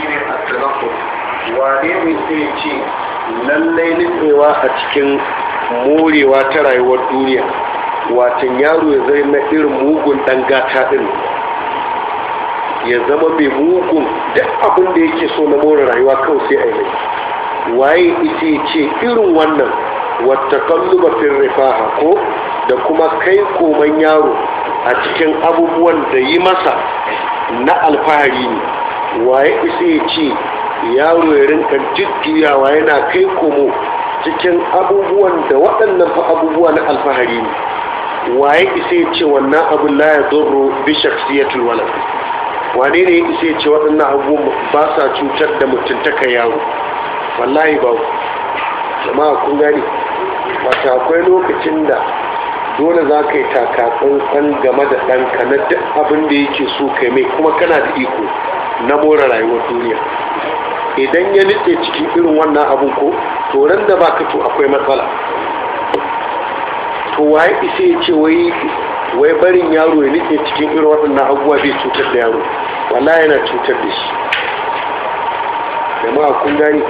shine at-tanaqu wane ne sai ce lallai nitsewa a cikin morewa ta rayuwar duniya watan yaro ya zai na irin mugun dan gata din ya zama mai mugun da abin da yake so na more rayuwa kan sai a yi waye ita ya ce irin wannan wata kalluba rifaha ko da kuma kai koman yaro a cikin abubuwan da yi masa na alfahari ne waye isa ya ce yaro ya rinka jujjuyawa yana kai komo cikin abubuwan da waɗannan fa abubuwa na alfahari ne waye isa ya ce wannan abin la ya zurro bi shaksiyatul walad wane ne ya isa ya ce waɗannan abubuwan ba sa cutar da mutuntaka yaro wallahi ba jama'a kun gani wata akwai lokacin da dole za ka yi taka san game da ɗanka na duk abin da yake so ka mai kuma kana da iko na more rayuwar duniya idan ya nitse cikin irin wannan abin ko to ran da baka to akwai matsala to waye isa ya ce wai wai barin yaro ya nitse cikin irin waɗannan abubuwa bai cutar da yaro wala yana cutar da shi jama'a kun gani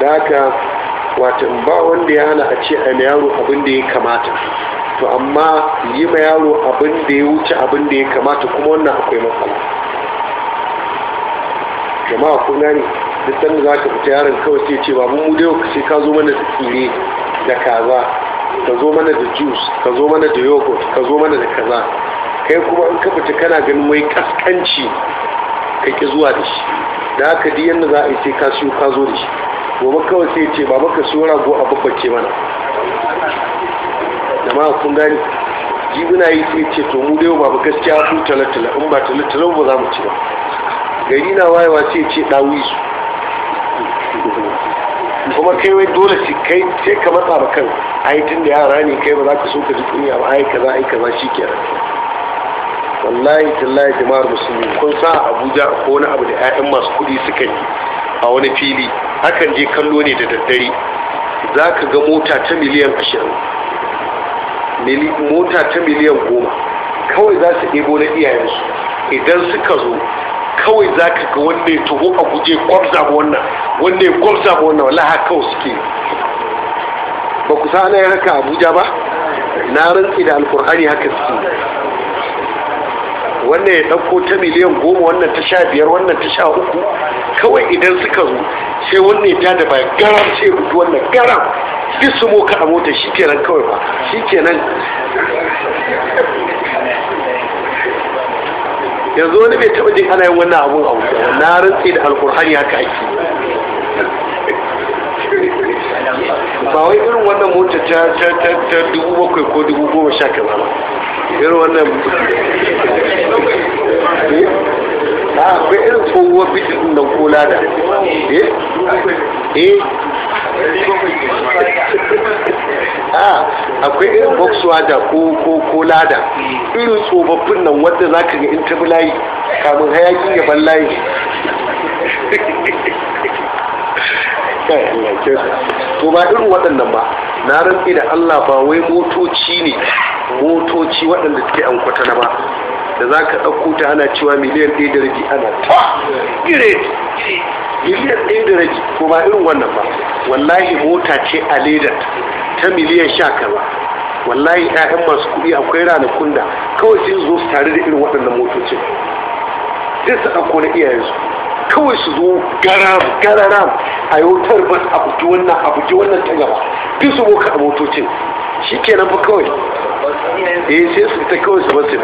da haka wata ba wanda ya hana a ce a yaro abin da ya kamata to amma yi ma yaro abin da ya wuce abin da ya kamata kuma wannan akwai matsala jama'a ko gani duk sanda za ka fita yaron kawai sai ce ba mu da yau ka zo mana da tsire da kaza ka zo mana da juice ka zo mana da yogurt ka zo mana da kaza kai kuma in ka fita kana ganin wai kaskanci ka ki zuwa da shi da haka duk yadda za a yi sai ka siyo ka zo da shi gobe kawai sai ce ba maka siyo rago a babbace mana jama'a kun gani jibina yi ce ce to mu dai ba mu gaskiya su talatala in ba talatala ba za mu ci ba gari na wayewa ce ce dawi su kuma kai wai dole su kai sai ka matsa ba kan ai tun da yara ne kai ba za ka so ka ji kunya ba ai kaza ai kaza shi shikenan wallahi tallahi jama'ar musulmi kun sa Abuja ko wani abu da 'ya'yan masu kuɗi suka yi a wani fili hakan je kallo ne da daddare za ka ga mota ta miliyan ashirin mota ta miliyan goma kawai za su ɗebo na iyayensu idan suka zo kawai za ka ga wanda ya tuho a guje gwamza ba wannan wanda ya gwamza ba wannan wala haka kawai suke ba ku sa ana haka abuja ba na rantsi da alkur'ani haka suke wannan ya dauko ta miliyan goma wannan ta sha biyar wannan ta sha uku kawai idan suka zo sai wannan ya tada baya garam sai gudu wannan garam duk su mo kaɗa mota shi kenan kawai ba shi kenan yanzu wani bai taɓa jin ana yin wannan abun a wuta na rantsi da alkur'ani haka ake ba wai irin wannan mota ta dubu bakwai ko dubu goma sha kaza ba irin wannan Eh? a ah, akwai irin tsohuwar ɗin nan ko lada eh eh a ah, akwai irin boxwaja ko ko ko lada irin tsofaffin nan wadda za ka ga in tabi layi kamun hayaki ban layi to ba irin waɗannan ba na rantsi da Allah ba wai motoci ne motoci waɗanda suke an kwatana ba da za ka ɗauko ta ana cewa miliyan ɗaya da rabi ana ta gire miliyan ɗaya da rabi ko ba irin wannan ba wallahi mota ce a ledar ta miliyan sha kaza wallahi 'ya'yan masu kuɗi akwai ranakun da kawai sai zo su tare da irin waɗannan motocin sai su ɗauko na iyayensu kawai su zo garam gararam a yautar wutar bas a buji wannan a buji wannan ta gaba duk su boka a motocin shi kenan fa kawai eh sai su ta kawai su basu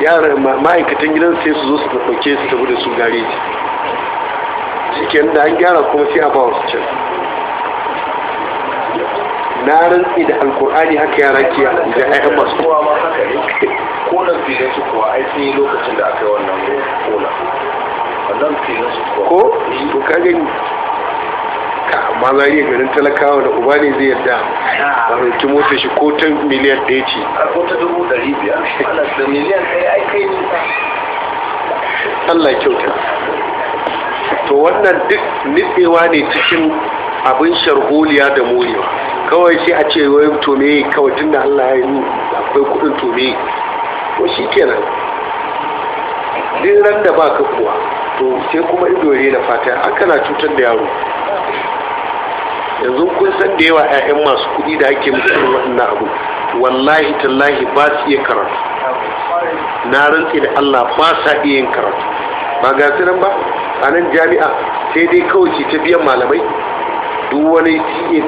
yaran ma'aikatan gidan sai su zo su ɗauke su tafi da su shi cikin da an gyara kuma sai a ba wasu can na rantsi da alkur'ani haka yara ke da ayyukan masu kowa ma haka ne kolan filin su kuwa ai yi lokacin da aka yi wannan kolan wannan filin su kuwa ko eh, ka gani amma iya garin talakawa da uba ne zai yarda a ɗauki mota shi ko ta miliyan ɗaya ce miliyan Allah kyauta to wannan duk nitsewa ne cikin abin sharholiya da morewa kawai sai a ce wai to me kawai tunda Allah ya yi akwai kudin to me shi kenan duk ran da ka kuwa to sai kuma ido ne da fata an kana cutar da yaro yanzu kun san da yawa 'ya'yan masu kuɗi da ake mutum wannan abu wallahi tallahi ba su iya karatu na rantse da Allah ba sa iya yin karatu ba ga su nan ba a nan jami'a sai dai kawai ce ta biyan malamai duk wani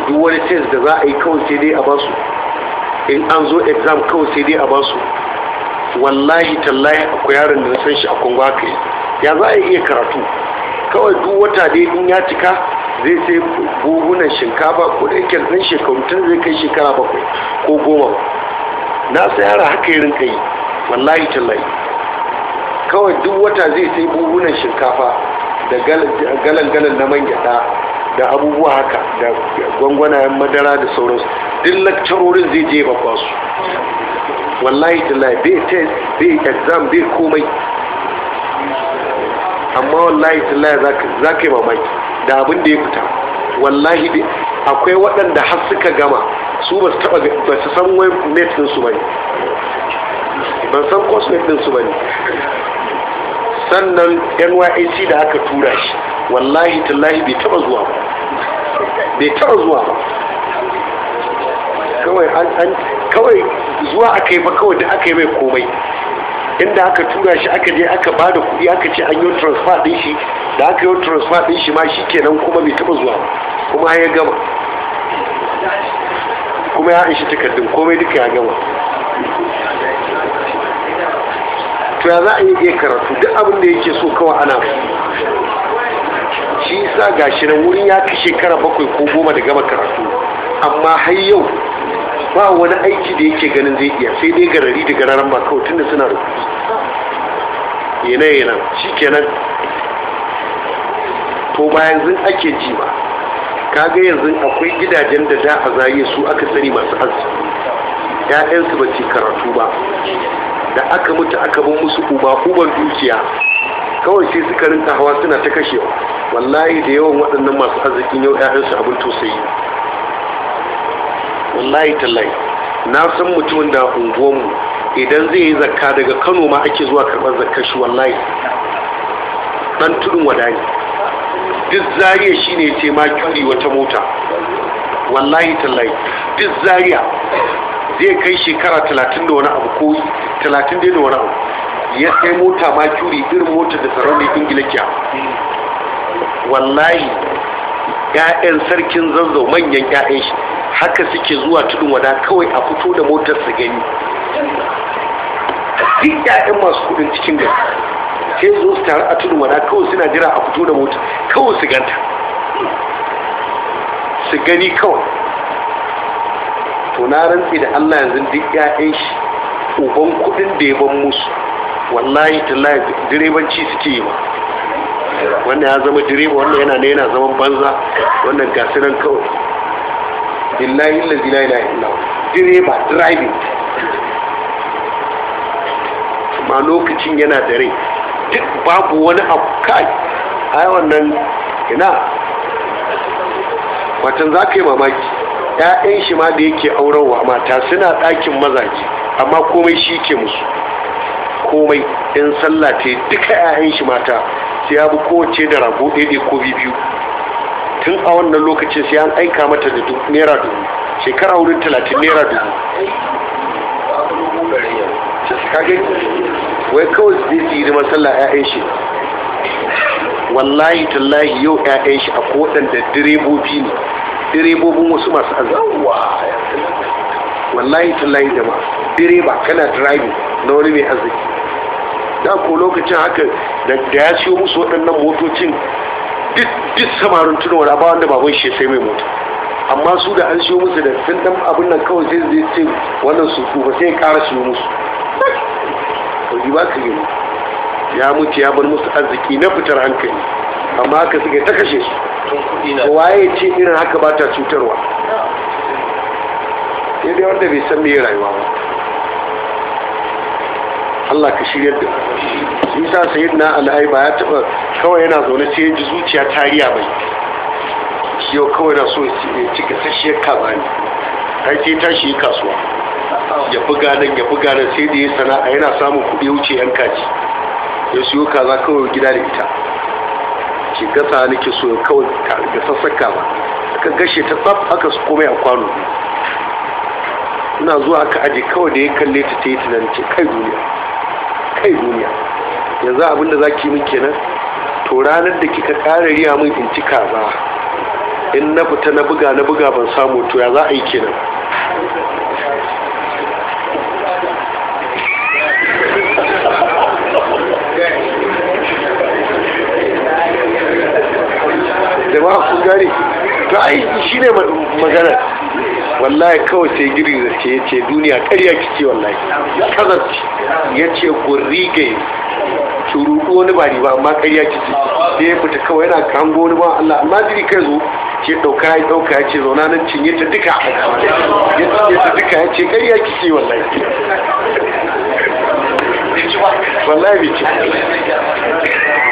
duk wani test da za a yi kawai sai dai a ba su in an zo exam kawai sai dai a ba su wallahi tallahi akwai yaron da na san shi a kwangwa ya za a iya karatu kawai duk wata dai in ya cika zai sai buhunan shinkafa ko da yake ɗan shekaru tun zai kai shekara bakwai ko goma na tsayara haka irin kai yi wallahi tallahi kawai duk wata zai sai buhunan shinkafa da galan-galan na man gyada da abubuwa haka da gwangwanayen madara da sauransu duk lakcarorin zai je ba su wallahi tallahi bai test bai exam bai komai amma wallahi tallahi za ka yi mamaki da abin da ya fita wallahi dai akwai waɗanda har suka gama su ba su taɓa ba su san wai net ɗinsu ba ne ban san course net ɗinsu ba ne sannan nyac da aka tura shi wallahi tallahi bai taɓa zuwa ba bai taɓa zuwa ba kawai zuwa aka yi ba kawai da aka yi mai komai inda aka tura shi aka je aka bada kuɗi aka ce an yi transfer ɗin shi da aka yi transfer ɗin shi ma shi kenan kuma bai taɓa zuwa kuma ya gama kuma ya ishi takardun komai duka ya gama to ya za a yi iya karatu duk abin da yake so kawai ana shi sa gashi nan wurin ya kashe kara bakwai ko goma da gama karatu amma har yau ba wani aiki da yake ganin zai iya sai dai garari da gararan ba kawai tunda suna da kuɗi yana yana shi kenan to ba yanzu ake ji ba kaga yanzu akwai gidajen da da a zaye su aka sani masu arziki ya'yansu ba ce karatu ba da aka mutu aka bin musu uba uban dukiya kawai sai suka rinka hawa suna ta kashewa wallahi da yawan waɗannan masu arzikin yau 'ya'yansu abin tausayi wallahi tallahi na san mutumin da unguwanmu idan zai yi zakka daga kano ma ake zuwa karɓar zakkar shi wallahi dan tudun wadani duk zariya shine ne ce ma kyuri wata mota wallahi tallahi duk zariya zai kai shekara talatin da wani abu ko talatin da wani abu ya kai mota ma kyuri irin mota da tsaron da ingila kya wallahi 'ya'yan sarkin zazzau manyan 'ya'yan shi haka suke zuwa tudun wada kawai a fito da motar su gani duk ƴaƴan masu kudin cikin gari sai zo su taru a tudun wada kawai suna jira a fito da motar kawai su ganta su gani kawai to na rantsi da Allah yanzu duk ƴaƴan shi uban kudin da ya ban musu wallahi tallahi direbanci suke yi ba wannan ya zama direba wannan yana ne yana zaman banza wannan gasiran kawai billahi allazi la ilaha illa direba driving ma lokacin yana da rai duk babu wani abu kai ai wannan ina watan za ka yi mamaki ‘ya'yan shi ma da yake aurenwa mata suna ɗakin mazaje amma komai shi ke musu komai in sallah ta yi duka ‘ya'yan shi mata sai ya bi kowace da rago ɗaya ko biyu tun a wannan lokacin sai an aika mata da naira dubu shekara wurin talatin naira dubu wai kawai zai su yi da masallah 'ya'yan shi wallahi tallahi yau 'ya'yan shi a da direbobi ne direbobin wasu masu azawa wallahi tallahi ma direba kana drive na wani mai arziki da ko lokacin haka da ya siyo musu waɗannan motocin duk samarin tunawar wani abawan da baban shi sai mai mota amma su da an siyo musu da sun dan abin nan kawai sai zai ce wannan su ba sai ya kara shi musu to ba ka yi ya mutu ya bar musu arziki na fitar hankali amma haka suke ta kashe su waye ce irin haka ba ta cutarwa sai dai wanda bai san me rayuwa ba Allah ka shiryar da isa al'ayi ba ya taba kawai yana zaune sai yanzu ji zuciya tariya bai shi yau kawai na so ya cika kaba ne. har sai tashi yi kasuwa ya buga nan ya buga nan sai da ya sana'a yana samun kuɗi wuce yan kaji ya siyo kaza kawai gida da ita ke gasa nake so kawai ga sassaka ba aka gashe ta tsaf aka su komai a kwano ina zuwa aka aje kawai da ya kalle ta ta yi tunanin ce kai duniya kai duniya yanzu abinda da za ki min kenan to ranar da kika ƙara riya mun in ba, in na fita na buga na buga ban samu to ya za a yi kenan jama'a ku gane to ai shine magana wallahi kawai sai girin da ke ce duniya karya kike wallahi kazarci ya ce gurrige turuɗu wani ba ba amma karya kike sai ya fita kawai yana kango wani ba Allah amma jiri kai zo ce ɗauka ya ɗauka ya ce zauna nan cinye ta duka ya cinye ta duka ya ce karya kike wallahi wallahi bai ce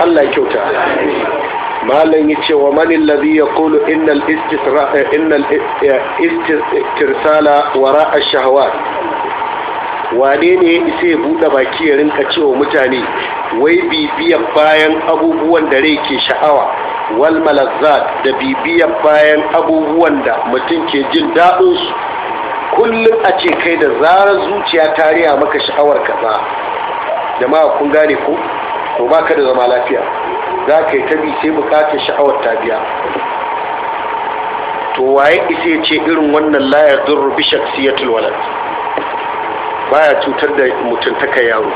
Allah ya kyauta malam ya ce wa manin lazi ya kulu innal istirsala wa ra'a shahawa wane ne sai buɗe baki ya rinka cewa mutane wai bibiyar bayan abubuwan da rai ke sha'awa wal malazzat da bibiyar bayan abubuwan da mutum ke jin daɗinsu kullum a ce kai da zarar zuciya tariya maka sha'awar kaza jama'a kun gane ko to ba ka da zama lafiya za ka yi tabi sai bukatar sha'awar ta biya to waye isa ya ce irin wannan layar rufi bi shaksiyatul walad baya cutar da mutum ta kai yaro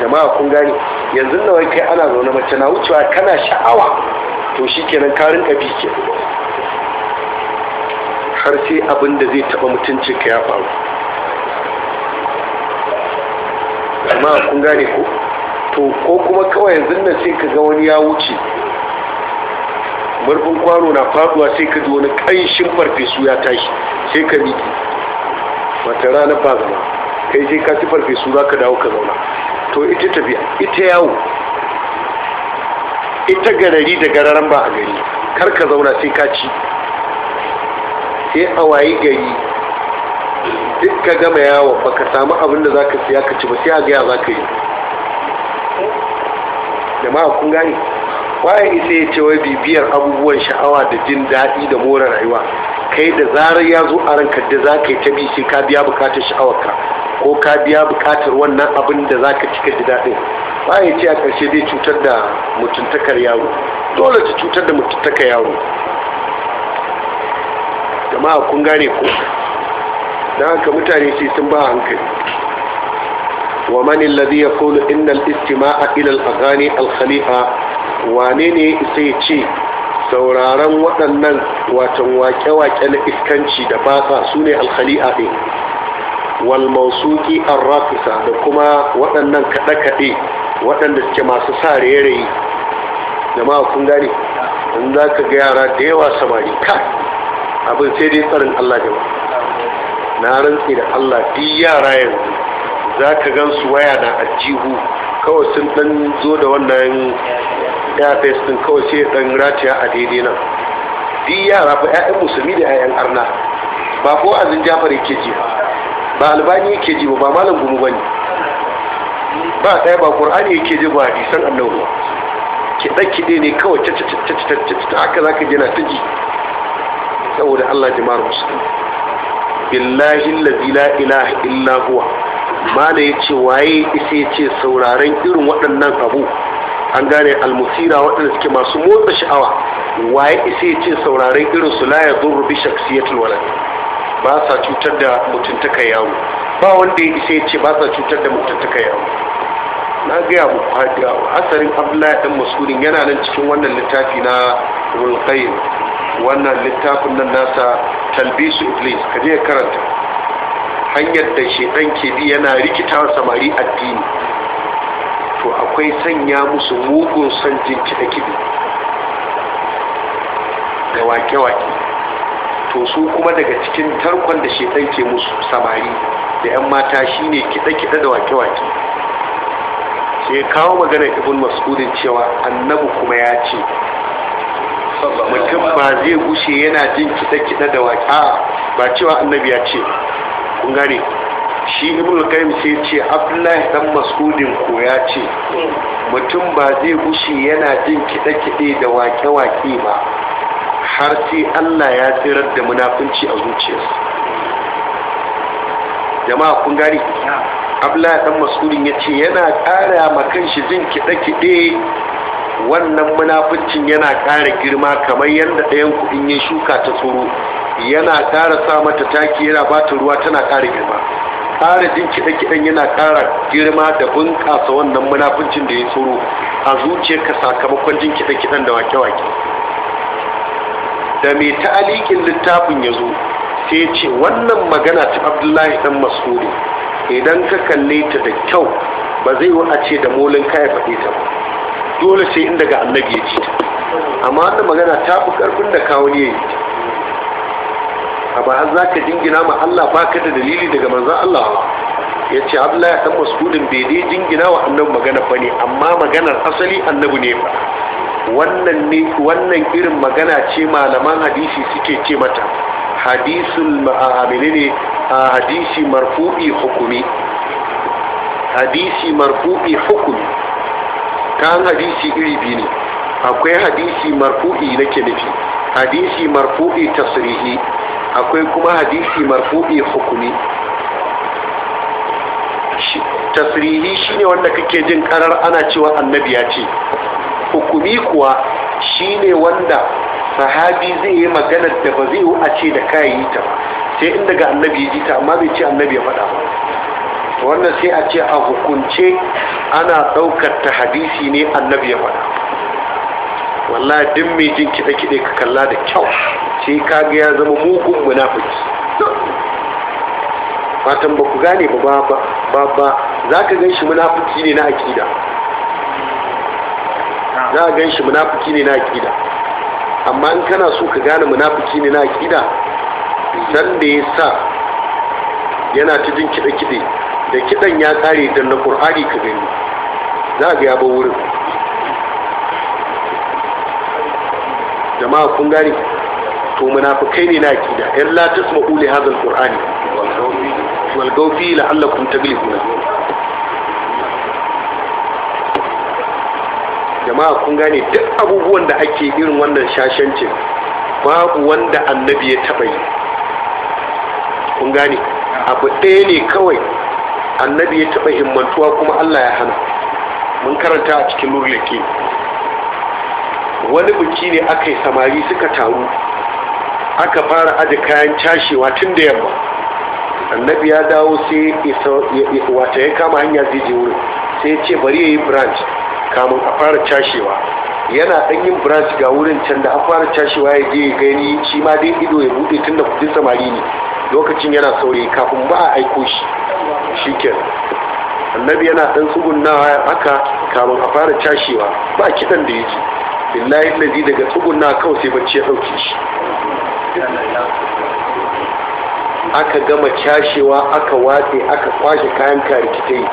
jama'a kun gani yanzu na kai ana zaune mace na wucewa kana sha'awa to shi kenan karin bi ke har sai abin da zai taba mutuncinka ya faru jama'a kun gane ko to ko kuma kawai yanzu na sai ka ga wani ya wuce murfin kwano na faduwa sai ka ji wani ƙanshin farfesu ya tashi sai ka miki wata rana ba zama kai sai ka ci farfesu za ka dawo ka zauna to ita tafiya ita yawo ita garari da gararan ba a gari kar ka zauna sai ka ci sai a wayi gari duk ka gama yawo ba ka samu abin da za ka siya ka ci ba sai a gaya za ka yi Da ma kun gane waye ita ya ce wai bibiyar abubuwan sha'awa da jin daɗi da more rayuwa kai da zarar ya zo a ranka da za ka yi ta bishi ka biya bukatar sha'awarka ko ka biya bukatar wannan abin da za ka cika ji daɗin waye ce a ƙarshe zai cutar da mutuntakar yaro dole ta cutar da mutuntakar yaro jama'a kun gane ko da haka mutane sai sun ba hankali Wa ya ومن الذي يقول إن الاستماع إلى الأغاني الخليفة وانيني سيتشي sauraron waɗannan watan wake-wake na iskanci da batsa su ne Walmasuki, ɗin arrafisa da kuma waɗannan kaɗe-kaɗe waɗanda suke masu sa rairayi jama'a kun gane in za ka ga yara da yawa samari ka abin sai dai tsarin allah jama'a na rantsi da allah duk yara yanzu za ka gan su waya na aljihu kawai sun dan zo da wannan airface din kawai sai dan ratiya a daidai nan duk yara fa 'ya'yan musulmi da 'ya'yan arna ba ko azin jafar yake ji ba albani yake ji ba malam gumu bane ba ɗaya ba qur'ani yake ji ba hadisan annabi kiɗe-kiɗe ne kawai ta haka ta, ta, jina ta ji saboda Allah jama'ar musulmi billahi lazi la ilaha illa huwa da ya ce waye isa ya ce sauraren irin waɗannan abu an gane almusira waɗanda suke masu motsa sha'awa waye isa ya ce sauraren irin su laye ya zurru bi shaksiyatul wala ba sa cutar da mutuntaka yawo ba wanda ya isa ya ce ba sa cutar da mutuntaka yawo na gaya muku hadiya asarin abdullahi dan mas'udin yana nan cikin wannan littafi na rulqayn wannan littafin nan nasa talbisu iblis kaje karanta hanyar da ɗan ke bi yana rikita samari addini to akwai sanya musu mugun son jin kiɗa kiɗi da wake-wake to su kuma daga cikin tarkon da ɗan ke musu samari da 'yan mata shine kiɗa-kiɗa da wake-wake ke kawo maganar ibn mas'udin cewa annabi kuma ya ce mutum ba zai gushe yana jin kiɗa-kiɗa da waƙa ba cewa annabi ya ce kun gane shi ibn qayyim sai ce abdullahi dan mas'udin ko ya ce mutum ba zai gushi yana jin kide-kide da wake-wake ba har sai Allah ya tsirar da munafunci a zuciyarsa jama'a kun gane abdullahi dan mas'udin ya ce yana ƙara ma kanshi jin kide-kide wannan munafuncin yana ƙara girma kamar yadda ɗayan kuɗin ya shuka ta tsoro yana ƙara sa mata taki yana ba ruwa tana ƙara girma ƙara jin kiɗe-kiɗen yana ƙara girma da bunƙasa wannan munafuncin da ya tsoro a zuciyarka sakamakon jin kiɗe-kiɗen da wake-wake da mai ta'alikin littafin ya zo sai ce wannan magana ta abdullahi ɗan masudi idan ka kalle ta da kyau ba zai wa a ce da molin kaya faɗe ta ba dole sai inda ga annabi ya ci ta amma wannan magana ta fi ƙarfin da kawo ne ya yi ta ba har za ka jingina ma Allah ba ka da dalili daga manzan Allah ya ce ya tabbas gudun bai dai jingina wa annabi magana ba ne amma maganar asali annabi ne ba wannan ne wannan irin magana ce malaman hadisi suke ce mata hadisul ma'amili ne a hadisi marfu'i hukumi hadisi marfu'i hukumi kan hadisi iri biyu ne akwai hadisi marfu'i nake nufi hadisi marfu'i tasrihi akwai kuma hadisi marfu'i hukumi tasrihi shine wanda kake jin karar ana cewa annabi ya ce hukumi kuwa shine wanda sahabi zai yi magana da ba zai a ce da kayi ta sai inda ga annabi ya ji ta amma bai ce annabi ya faɗa ba wannan sai a ce a hukunce ana ɗaukar ta hadisi ne annabi ya faɗa wallahi din mai jin kiɗe kiɗe ka kalla da kyau shi ga ya zama mugun munafiki fatan ba ku gane ba ba ba za ka gan shi munafiki ne na akida za ka gan shi munafiki ne na akida amma in kana so ka gane munafiki ne na akida san da ya sa yana ta jin kiɗe kiɗe da kiɗan ya tsare da na ƙur'ani ka gani za ga ya ba wurin jama'a kun gani to munafikai ne na kida yar la tasma'u li hadha alqur'ani wal gawfi la'allakum taglibuna jama'a kun gane duk abubuwan da ake irin wannan shashancin babu wanda annabi ya taba yi kun gane abu ɗaya ne kawai annabi ya taba himmantuwa kuma Allah ya hana mun karanta a cikin nurul yaqin wani biki ne aka yi samari suka taru aka fara aji kayan cashewa tun da yamma annabi ya dawo sai wata ya kama hanya zai wurin sai ya ce bari ya yi branch kamun a fara cashewa yana ɗan yin branch ga wurin can da a fara cashewa ya je gani shi ma dai ido ya buɗe tun da kudin samari ne lokacin yana saurayi kafin ba a aiko shi shi annabi yana ɗan tsugunnawa haka kamun a fara cashewa ba kiɗan da ya ji billahi lazi daga tsugunna kawai sai bacci ya ɗauke shi aka gama cashewa aka watse aka kwashe kayan karikitai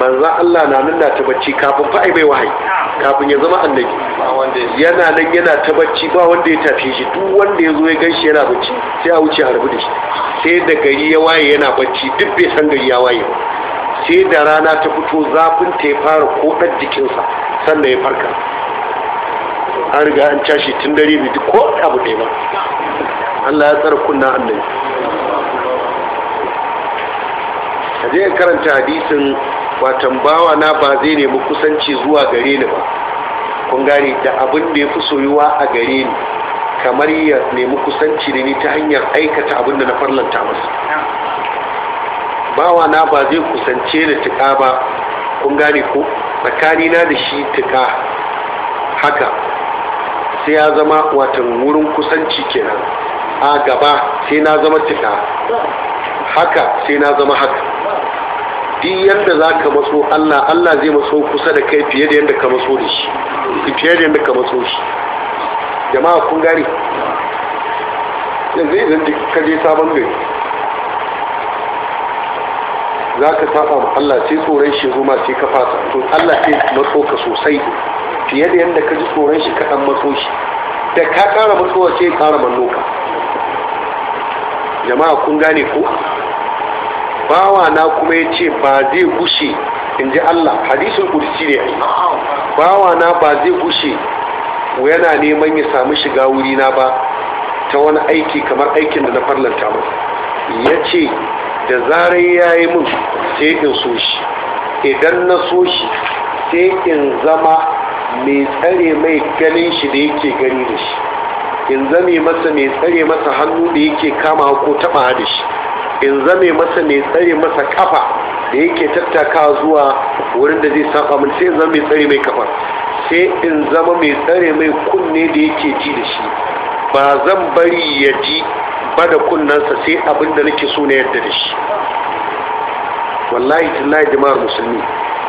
manzan Allah na nan ta bacci kafin fa'i bai wahayi kafin ya zama annabi yana nan yana ta bacci ba wanda ya tafi shi duk wanda ya zo ya ganshi yana bacci sai a wuce harbi da shi sai da gari ya waye yana bacci duk bai san gari ya waye sai da rana ta fito zafin ta ya fara koɗar jikinsa sannan ya farka an riga an tashi tun dare bai duk ko abu ɗaya ba Allah ya tsara kunna annabi kaje ka karanta hadisin watan bawa na ba zai nemi kusanci zuwa gare ni ba kun gane da abin da ya soyuwa a gare ni kamar ya nemi kusanci da ni ta hanyar aikata abin da na farlanta masa bawa na ba zai kusance da tuka ba kun gane ko tsakanina da shi tuka haka sai ya zama watan wurin kusanci kenan a gaba sai na zama cika haka sai na zama haka duk yadda za ka maso allah allah zai maso kusa da kai fiye da yadda ka maso da shi fiye da yadda ka maso shi jama'a kun gane yanzu idan ka je sabon gari za ka saba ma allah sai tsoron shi zuma sai ka fasa to allah sai maso ka sosai fiye da yadda ka ji tsoron shi kaɗan maso shi da ka ƙara wace ya ƙara ban jama'a kun gane ko bawa na kuma ya ce ba zai gushe in ji Allah hadisun kursi ne bawa na ba zai gushe yana neman ya samu shiga wuri na ba ta wani aiki kamar aikin da na farlanta masa ya ce da zarar ya yi mun sai in so shi idan na so shi sai in zama mai tsare mai ganin shi da yake gani da shi in zame masa mai tsare masa hannu da yake kama ko taba da shi in zame masa mai tsare masa kafa da yake tattaka zuwa wurin da zai saba min sai in zama mai tsare mai kafa sai in zama mai tsare mai kunne da yake ji da shi ba zan bari ya ji ba da kunnansa sai abin da nake so na yadda da shi wallahi tallahi jama'ar musulmi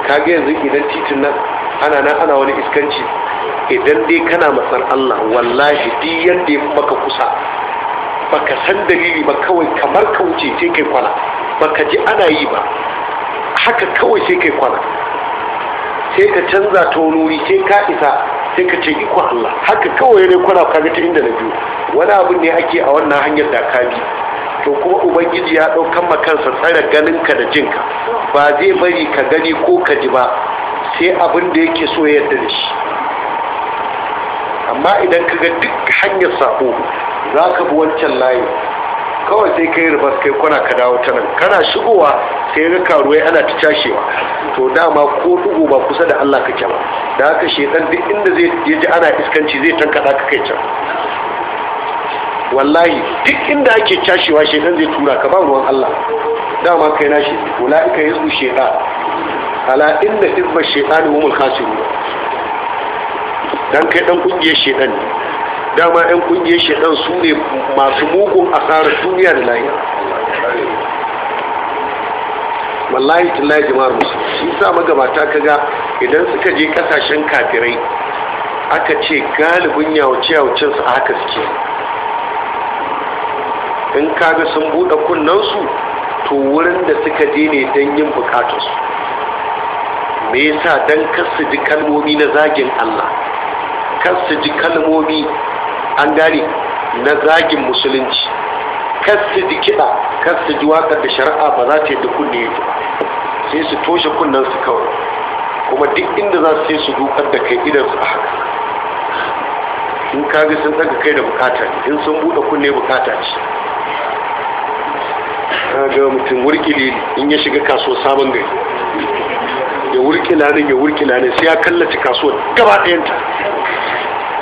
kage yanzu idan titin nan ana nan ana wani iskanci idan dai kana matsar Allah wallahi duk yadda ya maka kusa baka san dalili ba kawai kamar ka wuce sai kai kwana baka ji ana yi ba haka kawai sai kai kwana sai ka canza ta sai ka isa sai ka ce ikon Allah haka kawai ne kwana ka ga ta inda na biyu wani abu ne ake a wannan hanyar da ka bi to kuma ubangiji ya ɗaukan kansa tsare ganinka da jinka ba zai bari ka gani ko ka ji ba sai abin da yake so ya yarda da shi amma idan ka ga duk hanyar sabo za ka bi wancan layi kawai sai ka yi rubas kai kwana ka dawo ta nan kana shigowa sai ga karuwai ana ta cashewa to dama ko dugu ba kusa da Allah kake ba da haka shedan duk inda zai je ji ana iskanci zai tankada ka kai can wallahi duk inda ake cashewa shedan zai tura ka ba ruwan Allah dama kai na shi ulaika yazu shedan ala inna hizba shaytan humul khasirun dan kai dan kungiyar shaytan da dama yan kungiyar shaytan su ne masu mugun asarar duniya da lahira wallahi tallahi jama'ar musu shi sa magabata kaga idan suka je kasashen kafirai aka ce galibin yawace yawacen su haka suke in kaga sun buɗe kunnansu to wurin da suka je ne don yin bukatarsu me yasa dan kasu ji kalmomi na zagin Allah kasu ji kalmomi an gane na zagin musulunci kasu ji kiɗa kasu ji waƙar da shari'a ba za ta yi da kunne ya sai su toshe kunnen su kawai kuma duk inda za su su dukar da kai idan su a haka in ga sun daga kai da bukata in sun buɗe kunne bukata ce ga mutum wurkili in ya shiga kaso sabon gari ya wurkila nan ya wurkila nan sai ya kallaci kasuwar gaba ɗayanta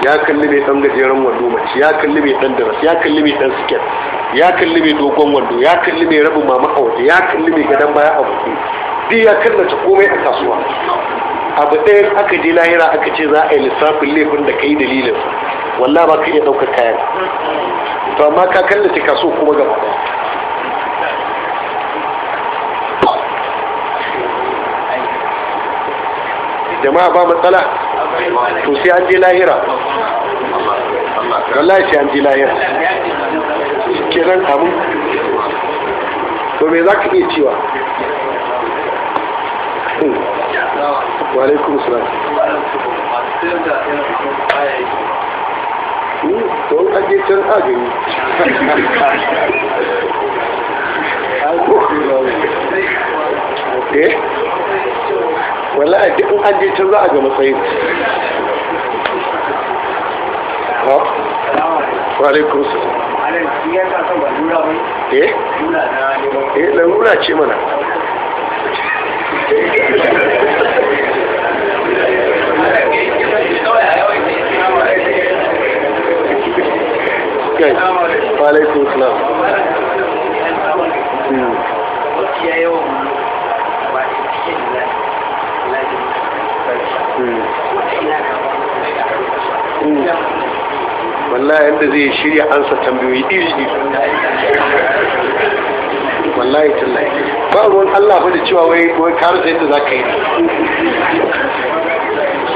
ya kalli mai ɗan gajeren wando mace ya kalli mai ɗan daras ya kalli mai ɗan siket ya kalli mai dogon wando ya kalli mai rabin mama a waje ya kalli mai gadon baya a buɗe duk ya kallace komai a kasuwa abu ɗaya aka je lahira aka ce za a yi lissafin laifin da ka yi dalilin wallah ba ka iya ɗaukar kayan to amma ka kallaci kasuwa kuma gaba ɗaya jama'a ba matsala to sai an je lahira wallahi sai an je lahira kenan amin to me za ka iya cewa wa alaikum salam don hmm, aje can agani eh wallahi duk in an je can za a ga matsayin walaikun eh? eh, mana walaikun wallahi yadda zai shirya ansa tambayoyi iri iri wallahi tallahi ba ruwan Allah fa da cewa wai wai ka yadda yi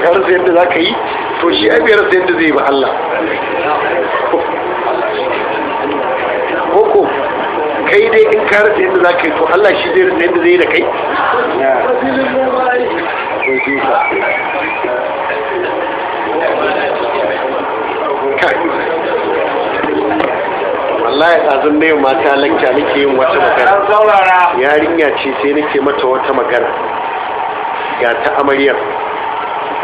ka rasa yadda ka yi to shi ai yadda zai ba Allah kai dai in kare rasa yadda ka yi to Allah shi zai rasa yadda zai da kai wallahi azun ne ma mata lakka nake yin wata magana yarinya ce sai nake mata wata magana ga ta amaryar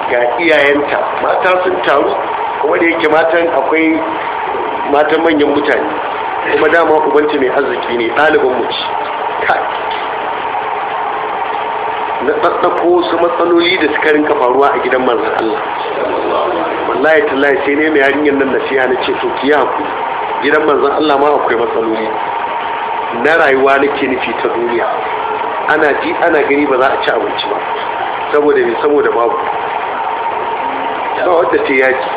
ga iyayenta mata sun taru kuma da yake matan akwai matan manyan mutane kuma dama ubanci mai arziki ne ɗaliban mu ci na tsatsako su matsaloli da suka rinka faruwa a gidan manzan Allah wallahi tallahi sai ne mai yarinyar nan siya na ce to ki ku gidan manzon Allah ma akwai matsaloli na rayuwa nake nufi ta duniya ana ji ana gani ba za a ci abinci ba saboda me saboda babu ba wadda ce yaki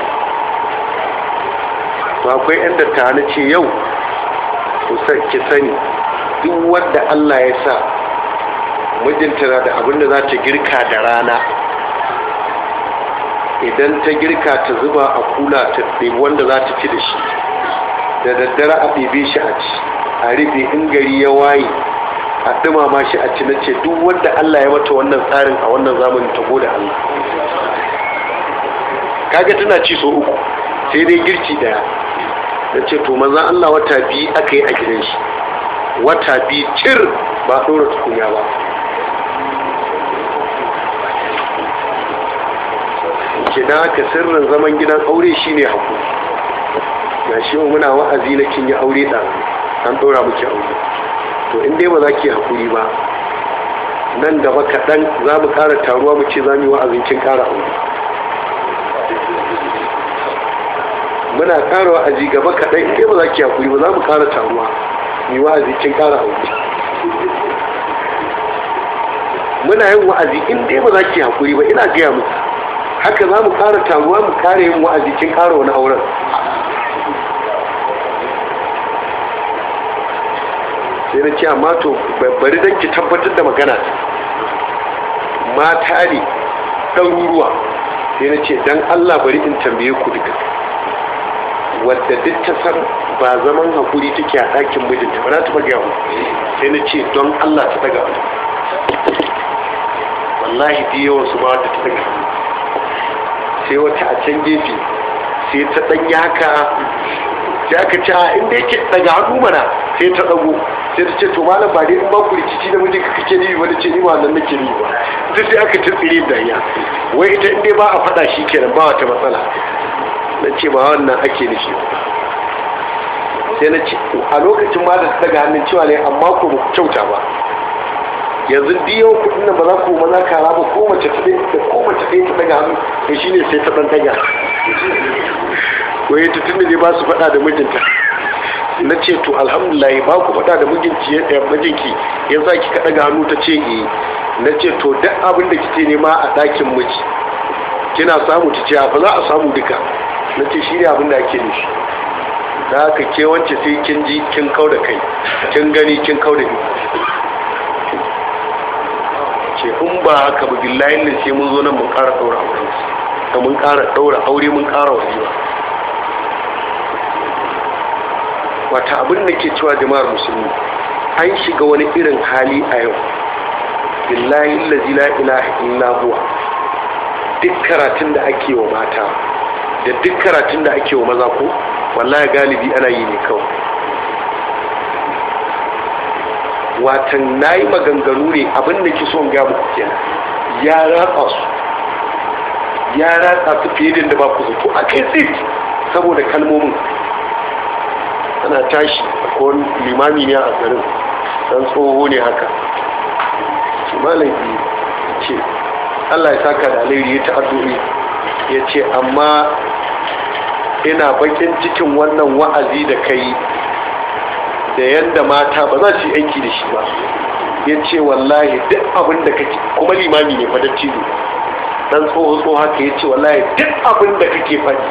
to akwai yan ta na ce yau ku ki sani duk wanda Allah ya sa mijinta da abin da za ta girka da rana idan ta girka ta zuba a kula ta ɗebi wanda za ta ci da shi da daddare a ɗebe shi a ci a rufe in gari ya waye a dumama shi a ci na ce duk wanda allah ya mata wannan tsarin a wannan zamani ta gode allah kaga tana ci so uku sai dai girki daya da ce to maza allah wata biyu aka yi a gidan shi wata biyu cir ba ɗora tukunya ba ce da ka sirrin zaman gidan aure shine haku na shi muna wa'azi na kin yi aure da an ɗora muke aure to in dai ba za ki haƙuri ba nan gaba kaɗan za mu ƙara taruwa mu ce za mu yi wa'azin kin ƙara aure muna ƙara wa'azi gaba kaɗan in dai ba za ki haƙuri ba za mu ƙara taruwa mu yi wa'azin kin ƙara aure muna yin wa'azi in dai ba za ki haƙuri ba ina gaya muku haka za mu fara taruwa mu kare yin wa'azi kin kara wani auren sai na ce amma to bari don ki tabbatar da magana mata ne ɗaruruwa sai na ce don allah bari in tambaye ku duka wadda duk ta san ba zaman haƙuri take a ɗakin mijinta ba na taɓa gawa sai na ce don allah ta daga wata wallahi biyawansu ba wadda ta daga sai wata a can gefe sai ta ɗan yaka sai aka ce a inda yake daga hannu mana sai ta ɗago sai ta ce to malam ba dai in ba ku rikici da miji ka kake ni wani ce ni ma nan nake ni ba duk sai aka ta tsire da ya wai ita in dai ba a faɗa shi kenan ba wata matsala na ce ba wannan ake nufi sai na ce a lokacin ma da ta daga hannun cewa ne amma ku ba ku kyauta ba yanzu biyo kudin nan ba za ku maza kara ba ko mace ta da ko mace ta ta daga hannu to shine sai ta dan daga waye ta tunda ne ba su faɗa da mijinta na ce to alhamdulillah ba ku faɗa da mijinki ya eh, mijinki ya za ki ka daga hannu ta ce eh na ce to duk abin da kike nema a ɗakin miji kina samu ta ce ba za a samu duka na ce shi ne abin da ake nufi da ka ke wacce sai kin ji kin kau da kai kin gani kin kau da ni ce kun ba haka ba billahi ne sai mun zo nan mun ƙara ɗaura aure ta mun ƙara ɗaura aure mun ƙara walima wata abin da ke cewa jama'ar musulmi an shiga wani irin hali a yau billahi lazi la ilaha illa huwa duk karatun da ake wa mata da duk karatun da ake wa maza ko wallahi galibi ana yi ne kawai watan na yi maganganu ne abin da ki son gamu kuke ya ratsa su ya ratsa su fiye da ba ku zato a kai tsit saboda kalmomin ana tashi ko limami ne a garin dan tsoho ne haka shi yi ce allah ya saka da alairi ya ta'addu'i ya ce amma ina bakin cikin wannan wa'azi da kai da yadda mata ba za su yi aiki da shi ba ya ce wallahi duk abin da kake kuma limami ne fadar cizo dan tsohon tsohon haka ya ce wallahi duk abin da kake faɗi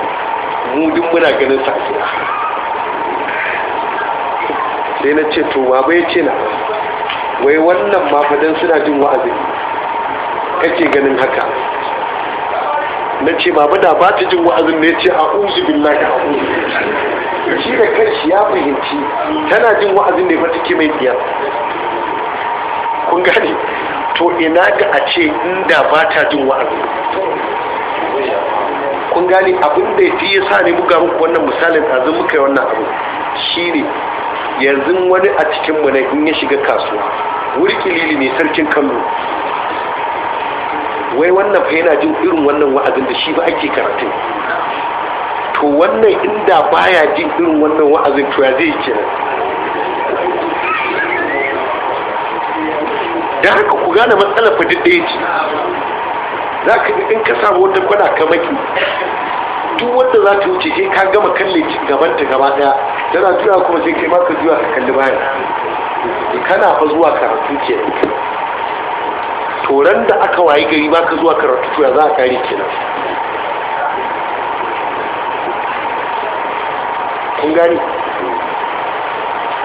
mu duk muna ganin sa gida sai na ce to baba ya ce na wai wannan ma fadan suna jin wa'azi kake ganin haka na ce ba da ba ta jin wa'azin ne ce a uzu billahi a uzu shi da kanshi ya fahimci tana jin wa'azin ne mata ke mai biyar kun gane to ina da a ce inda ba ta jin wa'azin? kun gane abin da ya sa ne buga muku wannan misalin azin muka yi wannan abu Shi ne. yanzu wani a cikin mu in ya shiga kasuwa wurkilili ne sarkin kallo wai wannan fa yana jin irin wannan wa'azin da shi ba ake karatu to wannan inda baya jin irin wannan wa'azin to ya zai kira da haka ku gane matsalar fa duk ɗaya ce za ka in ka samu wata kwana ka maki duk wanda za ta wuce sai ka gama kalle gaban ta gaba daya tana tura kuma sai kai ma ka juya ka kalli bayan kana fa zuwa karatu ce. toran da aka wayi gari ba ka zuwa karatu to ya za a kare kenan kun gani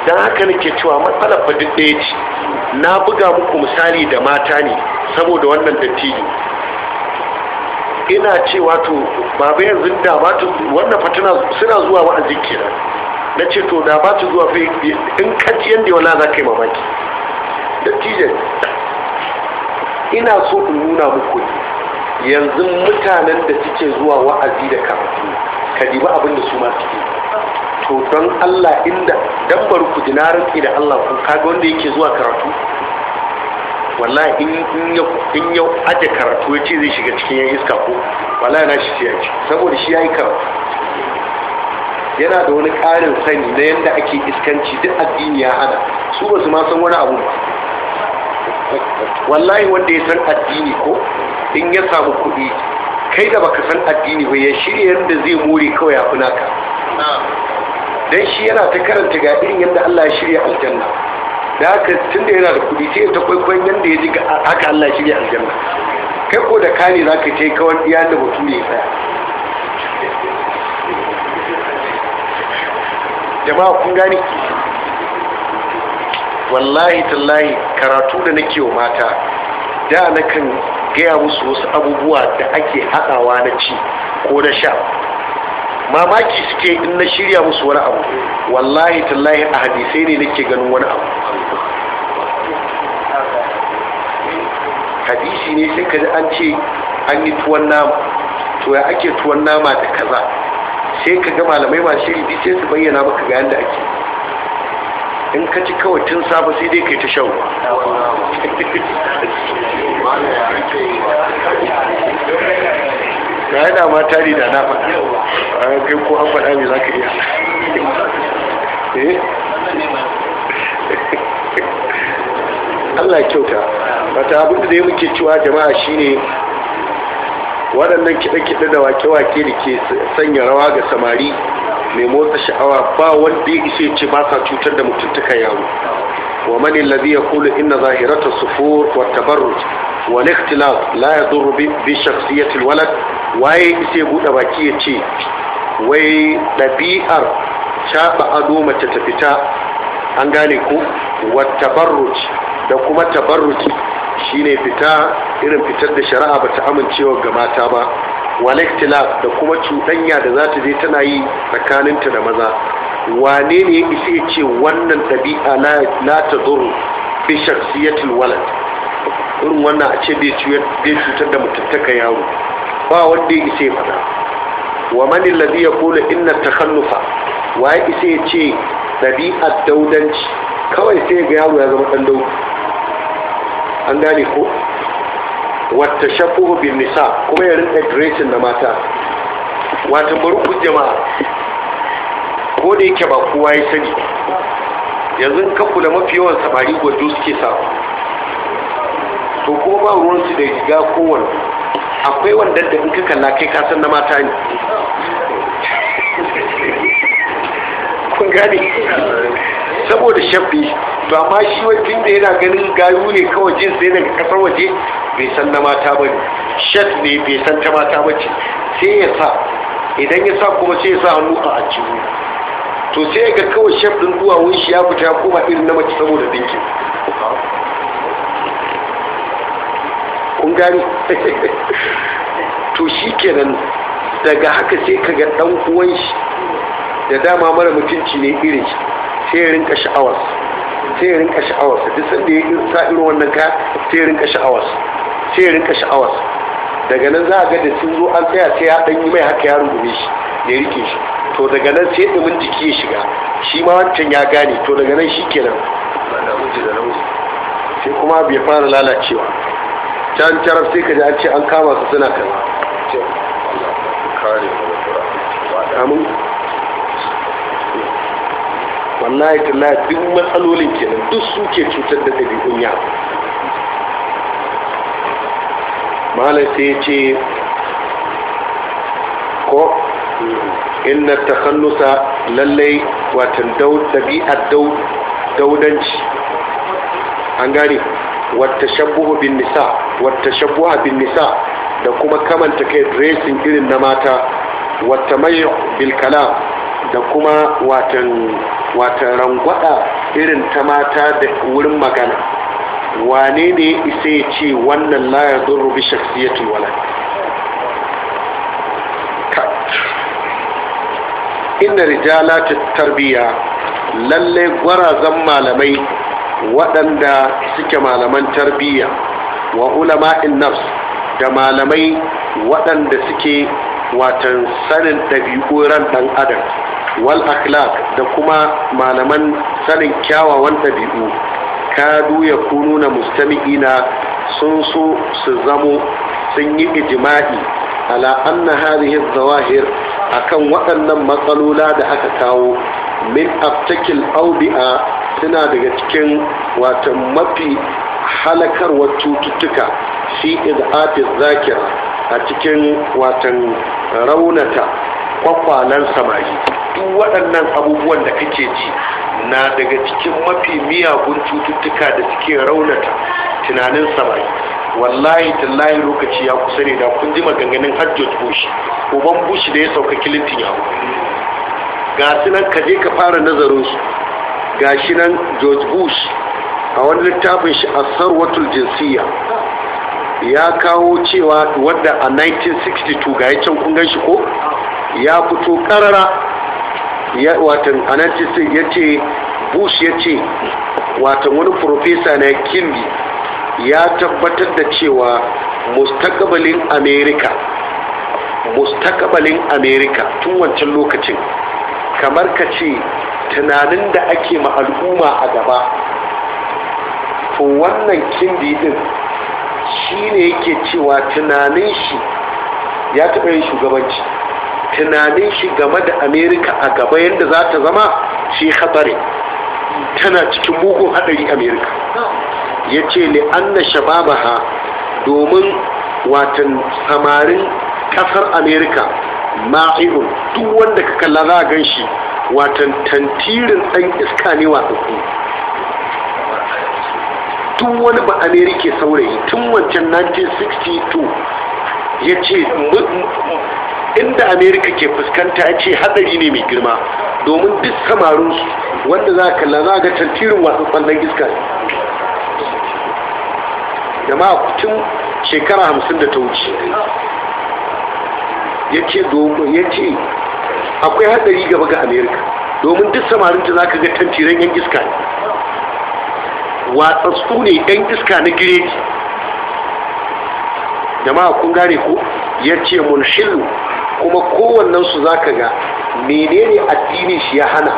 don haka nake cewa matsalar fadin ɗaya ce na buga muku misali da mata ne saboda wannan dattijo ina ce wato bai yanzu da ba ta wannan fatina suna zuwa wa'azin kenan na ce to da ba ta zuwa fa in kaji yau na za ka yi mamaki dattijan ina so in nuna muku yanzu mutanen da suke zuwa wa'azi da karatu ka dibi abin da su ma suke to don Allah inda dabbar ku dinarin da Allah ku kaga wanda yake zuwa karatu wallahi in ya aje karatu ya ce zai shiga cikin yan iska ko wallahi na shi ya ci saboda shi ya karatu yana da wani karin sani na yadda ake iskanci duk addini ya hana su ba su ma san wani abu ba wallahi wanda ya san addini ko in ya samu kuɗi kai da baka san addini ba ya shirya yadda zai more kawai hafi naka dan shi yana ta karanta ga irin yadda Allah ya shirya aljanna da haka da yana da kuɗi sai ta kwaikwayon yadda ya ji haka Allah ya shirya aljanna kai ko da kani za ka ce kawai iya da mutum ne tsaya jama'a kun gani wallahi tallahi karatu da nake wa mata da na kan gaya musu wasu abubuwa da ake haɗawa na ci ko na sha mamaki suke in na shirya musu wani abu wallahi tallahi a hadisai ne nake ganin wani abu hadisi ne sai ka an ce an yi tuwon nama to ya ake tuwon nama da kaza sai ka ga malamai masu shiri sai su bayyana maka ga yadda ake in ka ci kawai tun safe sai dai kai ta shan ga yana ma tari da na faɗa a kai ko an faɗa mai za ka iya eh? Allah kyauta wata abin da ya muke cewa jama'a shine waɗannan kiɗe-kiɗe da wake-wake da ke sanya rawa ga samari mai motsa sha'awa ba wanda ya ishe ce ba sa cutar da mutuntuka yawo wa man alladhi yaqulu inna zahirata sufur wa tabarruj wa al-ikhtilaf la yadur bi shakhsiyati al-walad waye ishe buɗe baki ya ce wai dabi'ar caɓa ado mace ta fita an gane ku. wa tabarruj da kuma tabarruji shine fita irin fitar da shari'a bata amincewa ga mata ba walaktilaf da kuma cuɗanya da za ta je tana yi tsakaninta da maza wane ne ya isa ya ce wannan ɗabi'a la ta zuru fi shaksiyatul walad irin wannan a ce bai cutar da mutuntaka yaro ba wanda ya isa ya wa mani lazi ya kula inna takhallufa wa yake isa ya ce ɗabi'ar daudanci kawai sai ga yaro ya zama ɗan daudu an gane ko wata shafu bin nisa kuma ya rinka da mata wata ku jama'a ko da yake ba kowa ya sani yanzu kanku da mafi yawan samari gwajo suke sa to kuma ba ruwan su da shiga kowane akwai wanda da in ka kalla kai ka na mata ne kun gane saboda shabbi to amma shi wajen da yana ganin gayu ne kawai jin sai daga kasar waje bai san na mata ba ne shat ne bai san ta mata ba ce sai ya sa idan ya sa kuma sai ya sa hannu a ajiyu to sai ga kawai shaf din duwawun shi ya fita koma irin na mace saboda dinkin kun gani to shi kenan daga haka sai ka ga dan uwan shi da dama mara mutunci ne irin shi sai ya rinka sha'awar sai ya sha'awar duk sanda ya sa irin wannan ka sai ya rinka sha'awar sai ya rinka sha'awar daga nan za a ga da sun zo an tsaya sai ya ɗanyi yi mai haka ya rungume shi ya rike shi to daga nan sai dumin jiki ya shiga shi ma wancan ya gane to daga nan shi shikenan sai kuma bai fara lalacewa can taraf sai ka ji an ce an kama su suna kaza amin wallahi tallahi duk matsalolin kenan duk suke cutar da ɗabi'un malam sai ya ce ko inna takhallusa lallai watan ɗabi'ar daudanci an gane wata shabuhu bin nisa wata shabuha bin nisa da kuma kamanta kai dressing irin na mata wata mayu bil kalam da kuma watan watan rangwada irin ta mata da wurin magana wane ne isa ya ce wannan la ya zurru bi shakhsiyatul inna rijala tarbiya lalle gwarazan malamai waɗanda suke malaman tarbiya wa ulama nafs da malamai waɗanda suke watan sanin ɗabi'u ran ɗan adam wal akhlaq da kuma malaman sanin kyawawan ɗabi'u kadu ya kunu na mustami'ina sun so su zamo sun yi ijima'i ala anna hadhihi zawahir akan waɗannan matsalola da aka kawo min aftakil aubi'a suna daga cikin wato mafi halakarwa cututtuka fi iz'afi zakira a cikin watan raunata kwakwalan samari duk waɗannan abubuwan da kake ji na daga cikin mafi miyagun cututtuka da suke raunata tunanin samari wallahi tallahi lokaci ya kusa ne da kun ji maganganun hajjot bush uban bush da ya sauka kilintin yawo ga su nan ka je ka fara nazarin su ga shi nan george bush a wani littafin shi a sarwatul jinsiya ya kawo cewa wadda a 1962 ga ya can kun gan shi ko ya fito karara watan anantis ya ce bush ya ce watan wani profesa na kimbi ya tabbatar da cewa mustakabalin amerika mustakabalin amerika tun wancan lokacin kamar ka ce tunanin da ake ma al'umma a gaba to wannan kimbi din shi ne yake cewa tunanin shi ya taɓa yin shugabanci tunanin shi game da amerika a gaba yadda za ta zama shi hatsari tana cikin mugun hadari amerika ya ce li anna shababaha domin watan samarin kasar amerika ma'ihun duk wanda ka kalla za a gan shi watan tantirin ɗan iska ne watsatsu tun wani ba amerika saurayi tun wancan 1962 ya ce inda amerika ke fuskanta ya ce hadari ne mai girma domin duk samarin su wanda za ka kalla za ga tantirin wasan kwallon iska ma tun shekara hamsin da ta wuce ya ce ya ce akwai hadari gaba ga amerika domin duk samarin ta za ka ga tantirin yan iska watsatsu ne yan iska na Da ma kun gane ko ya ce mun munshilu kuma kowannensu za ka ga menene addinin shi ya hana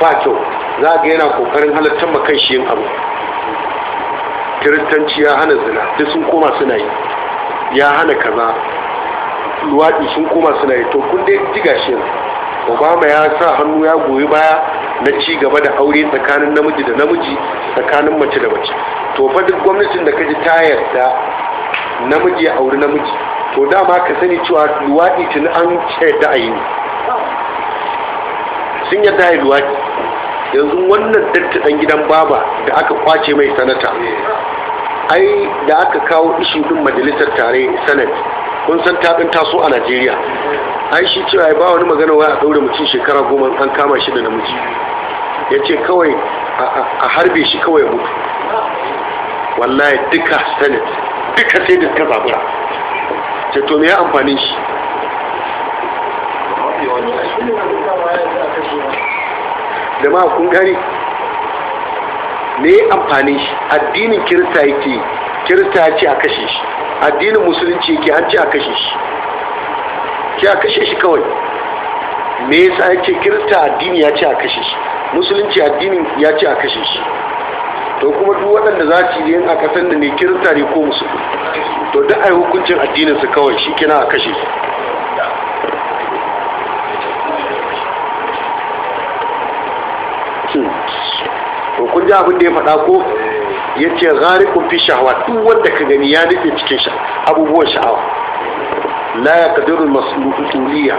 ba kyau za ga yana kokarin ma kan shi yin abu kiristanci ya hana zina duk sun koma suna yi ya hana kaza luwaɗi sun koma suna yi to kun dai jiga shi obama ya sa hannu ya goyi baya na ci gaba da aure tsakanin namiji da namiji tsakanin mace da mace to fa duk gwamnatin da kaji ta yarda namiji ya auri namiji to dama ka sani cewa luwaɗi tun an ce da a yi ne sun yadda ya luwaɗi yanzu wannan dattaɗan gidan baba da aka kwace mai sanata ai da aka kawo ishi din majalisar tare sanat kun san taɗin taso a najeriya ai shi cewa ba wani magana waya a ɗaure mutum shekara goma an kama shi da namiji ya ce kawai a harbe shi kawai mutu wallahi duka sanat duka sai da suka zabura ce to me ya amfanin shi ma kun gani me ya shi addinin kirista yake kirista ya ce a kashe shi addinin musulunci yake an ce a kashe shi ke a kashe shi kawai me yasa ya ce kirista addini ya ce a kashe shi musulunci addinin ya ce a kashe shi to kuma duk waɗanda za ci yin a kasan da ne kirista ne ko musu to duk ai hukuncin addinin su kawai shi kina a kashe su hmm. to kun ji abin da ya faɗa ko ya ce gharikun fi sha'awa. duk wanda ka gani ya nufe cikin abubuwan sha'awa la ya kadirul ba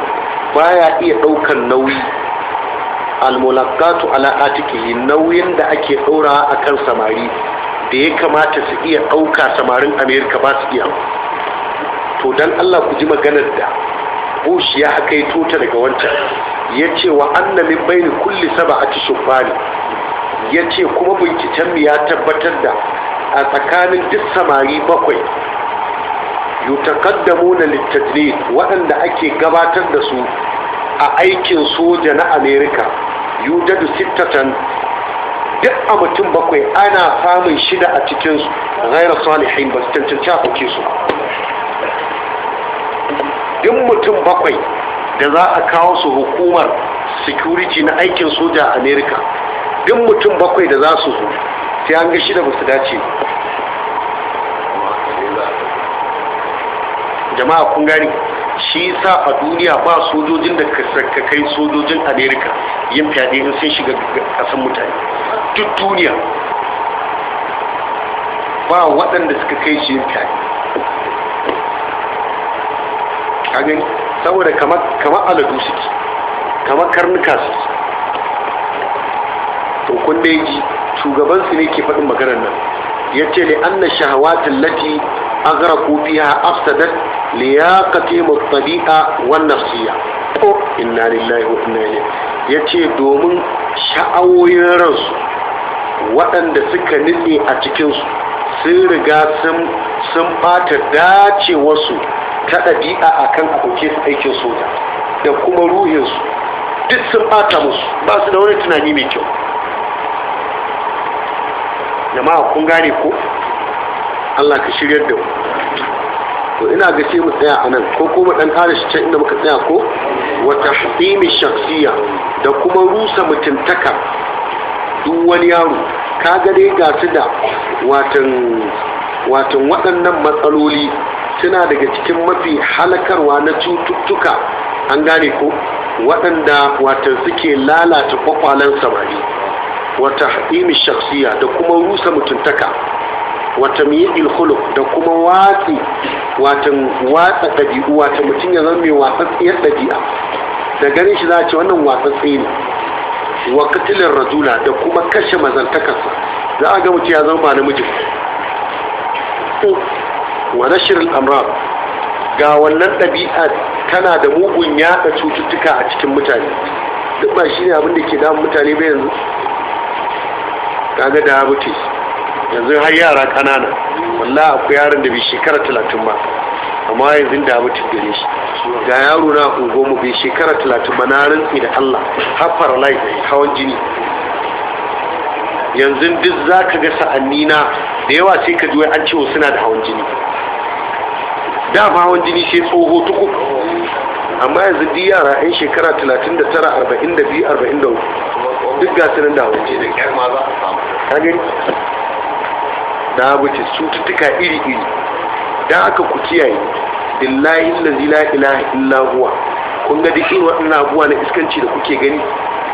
baya iya ɗaukan nauyi almulakatu ala atiki nauyin da ake ɗora a kan samari da ya kamata su iya ɗauka samarin amerika ba su iya to don allah ku ji maganar da bush ya haka yi tota daga wancan ya ce wa annamin baini kulli saba a ci ya ce kuma binciken mu ya tabbatar da a tsakanin duk samari bakwai na littajlid waɗanda ake gabatar da su a aikin soja na amerika yudadu sittatan duk a mutum bakwai ana samun shida a cikin ghairu salihin ba su cancanci a su duk mutum bakwai da za a kawo su hukumar security na aikin soja a america duk mutum bakwai da za su zo sai an ga shida ba su dace jama'a kun gani shi sa a duniya ba sojojin da ka kai sojojin amerika yin fyaɗe in sun shiga ƙasan mutane duk duniya ba waɗanda suka kai shi yin fyaɗe kagani saboda kamar aladu suke kamar karnuka suke to kun da ji shugabansu ne ke faɗin maganar nan ya ce da an na shahawatin lati أغرقوا فيها أفسدت لياقة الطبيعة والنفسية إنا لله وإنا إليه يتي دومن شعو يرز وأن دسك نتي أتكنس سير قاسم سمبات داتي وسو تأدي أكن أبوكيس أيكي سودا da kuma ruhinsu duk sun bata musu ba su da wani tunani mai kyau jama'a kun gane ko Allah ka shiryar da mu to ina ga ce mu tsaya anan ko kuma mu dan kare shi can inda muka tsaya ko wa tahdimi Shakhsiya da kuma rusa mutuntaka duk wani yaro ga dai ga su da watan watan waɗannan matsaloli suna daga cikin mafi halakarwa na cututtuka an gane ko waɗanda watan suke lalata kwakwalen samari wata tahdimi Shakhsiya da kuma rusa mutuntaka wata miyil ilkulu da kuma watsi watan watsa ɗabi'u wata mutum ya zama mai tsayar ɗabi'a da ganin shi za a ce wannan watsatsi ne wa katilin rajula da kuma kashe mazantakarsa za a ga mutum ya zama ba namiji wa shirin amrar ga wannan ɗabi'a tana da mugun yaɗa cututtuka a cikin mutane duk ba shi ne abin da ke damun mutane ba yanzu kaga diabetes yanzu har yara kanana walla akwai yaran da bai shekara talatin ba amma yanzu da mutum gare shi ga yaro na ungo mu bai shekara talatin ba na rantsi da Allah har paralyze hawan jini yanzu duk za ka ga sa'anni na da yawa sai ka ji an cewa suna da hawan jini da ma hawan jini sai tsoho tuku amma yanzu duk yara 'yan shekara talatin da tara arba'in duk gasu arba'in da hawan jini Da wuce cututtuka iri-iri da aka ku kiyaye billahi lazi la ilaha illa huwa kun ga duk waɗannan abuwa na iskanci da kuke gani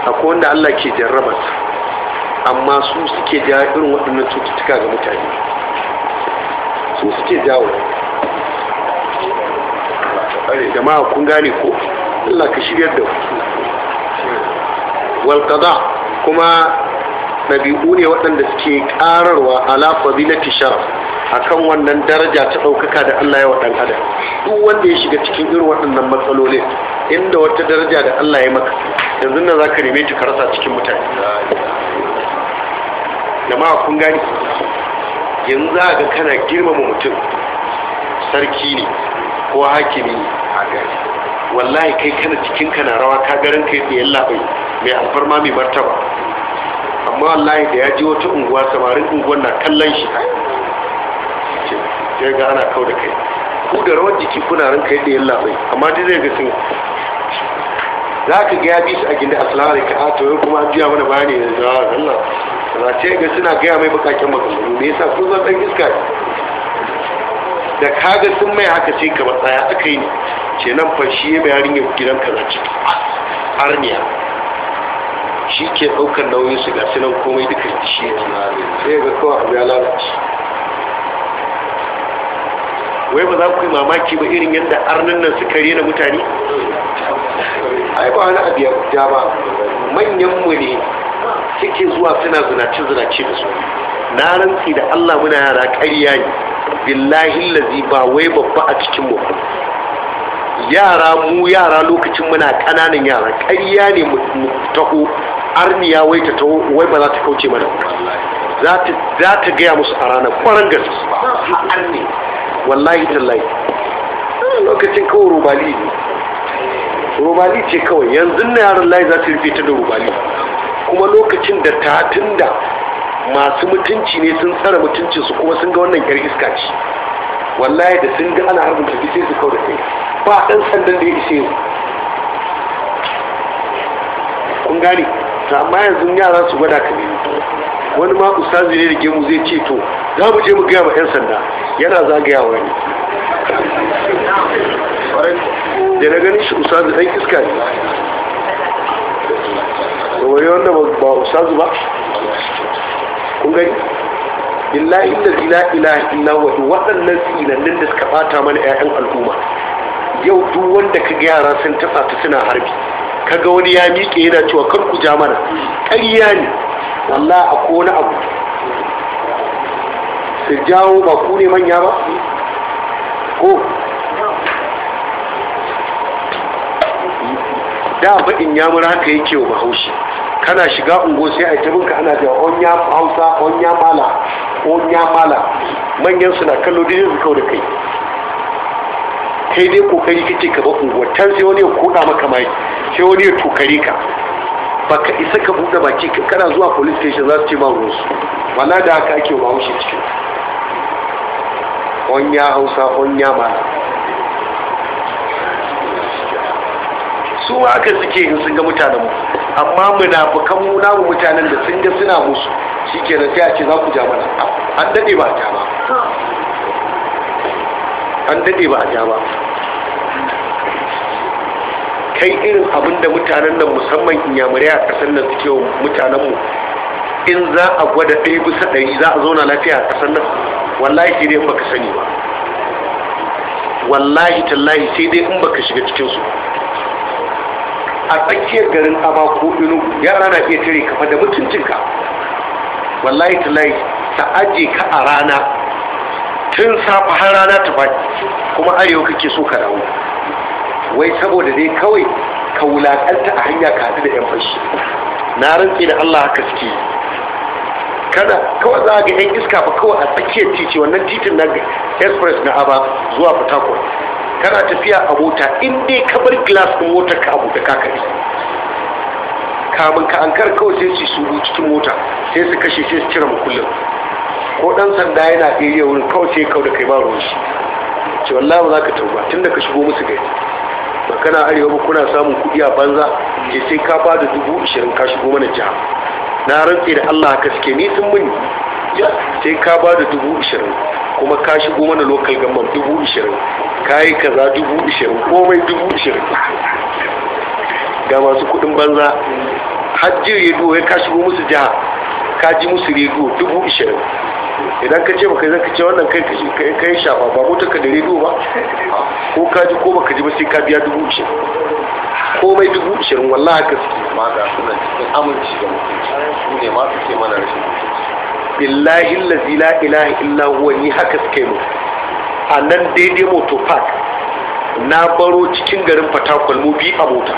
akwai wanda Allah ke jarraba su amma su suke ja irin waɗannan cututtuka ga mutane su suke jawo jama'a kun gane ko Allah ka shiryar da ku wal qada kuma ɗabi'u ne waɗanda suke ƙararwa ala fadilati sharaf akan wannan daraja ta ɗaukaka da Allah ya waɗan adam duk wanda ya shiga cikin irin waɗannan matsalolin inda wata daraja da Allah ya maka yanzu nan za ka neme ta karasa cikin mutane ma kun gani yanzu za ga kana girmama mutum sarki ne ko hakimi ne wallahi kai kana cikin kana rawa ka garin kai tsayen labai mai alfarma mai martaba amma Allah da ya ji wata unguwa samarin unguwan na kallon shi ce ga ana kau da kai ku da rawar jiki kuna ranka yadda yin labai amma dai zai ga sun za ka gaya bi su a gindi asalamu alaikum a to kuma an biya mana bayani da zawa Allah za ce ga suna gaya mai bakakken maganganu me yasa kun zan dan iska da kaga sun mai haka ce ka matsaya aka yi ce nan fa shi ya bayarin yau gidan kaza ciki arniya shi ke ɗaukar nauyin su gasu nan komai duka shi ne sai ga kawai abu ya lalace wai ba za ku yi mamaki ba irin yadda arnin nan suka rena mutane ai ba wani abu ya guda ba manyan mu ne suke zuwa suna zinace zinace da su na rantsi da Allah muna yara ƙarya ne billahi lazi ba wai babba a cikin mu yara mu yara lokacin muna kananan yara ƙarya ne mu taho arniya wai ta taho wai ba za ta kauce mana za ta gaya musu a ranar kwarar gaske ha'an ne wallahi tallahi lokacin kawai rubali ne rubali ce kawai yanzu na yaran layi za ta rufe ta da rubali kuma lokacin da ta tunda masu mutunci ne sun tsara mutuncinsu kuma sun ga wannan yar iska ce wallahi da sun ga ana harbin tafi bishe su kawo da kai ba ɗan sandan da ya ishe kun gane ta amma yanzu yara su gwada ka ne wani ma ustazi ne da gemu zai ce to za mu je mu gaya ma 'yan sanda yana zagayawa ne da na ganin shi ustazi ɗan iska ne da wani wanda ba ustazi ba kun gani billahi inda zina ila illa huwa waɗannan tsinannin da suka ɓata mana ƴaƴan al'umma yau duk wanda ka ga yara sun tafa ta suna harbi Ka ga wani ya miƙe yana cewa kar ku ja mana ƙarya ne wallahi a wani abu su jawo ba ku ne manya ba ko da baɗin mura haka yake wa bahaushe kana shiga ungo sai a binka ana da on ya hausa on ya mala ko ya mala manyan suna kallo da su kawo da kai kai dai kokari kake ka ba unguwar sai wani ya koda maka mai sai wani ya tokare ka baka isa ka buɗe baki kana zuwa police station za su ce ma ruwansu wala da haka ake ba haushi cikin ya hausa ya mala su ma aka suke in sun ga mutanen mu amma munafukan namu mutanen da sun ga suna musu shikenan sai a ce za ku ja mana an dade ba a ba an dade ba ta ba kai irin abin da mutanen nan musamman inyamurai a kasar nan suke wa mutanenmu in za a gwada ɗaya bisa ɗari za a zauna lafiya a kasar nan wallahi sai dai in baka sani ba wallahi tallahi sai dai in baka shiga cikinsu a tsakiyar garin Aba ko inu yara na iya tare kafa da mutuncinka wallahi ta lai ta aje ka a rana tun safa har rana ta baki kuma arewa kake so ka dawo wai saboda dai kawai ka wulaƙanta a hanya ka da yan fashi na rantse da Allah haka suke kada kawai za ga yan iska ba kawai a tsakiyar titi wannan titin na express na aba zuwa fatakwal kana tafiya a mota in dai ka bar glass ɗin motar ka abu da kakari kamun ka an kar kawai sai su shuru cikin mota sai su kashe sai su cire kullum ko ɗan sanda yana area wurin kawai sai kawai da kai ba ruwan shi ce wallahi ba za ka tauba tunda ka shigo musu gari ba kana arewa ba kuna samun kuɗi a banza je sai ka ba da dubu ashirin ka shigo mana jiha na rantse da allah haka suke ni sun muni sai ka ba da dubu ashirin. kuma ka shigo mana lokal gamman dubu ishirin ka yi kaza dubu ishirin komai dubu ishirin ga masu kudin banza hajji rediyo ya ka shigo musu jiha ka ji musu rediyo dubu ishirin idan ka ce baka zaka ce wannan kai yi shafa ba motar ka da rediyo ba ko ka ji ko baka ji ba sai ka biya dubu ishirin komai dubu ishirin wallahi haka suke ma ga sunan cikin aminci da mutunci su ne ma su ce mana rashin mutunci billahi allazi la ilaha illa huwa ni haka suke mu a nan daidai moto park na baro cikin garin fatakwal mu bi a mota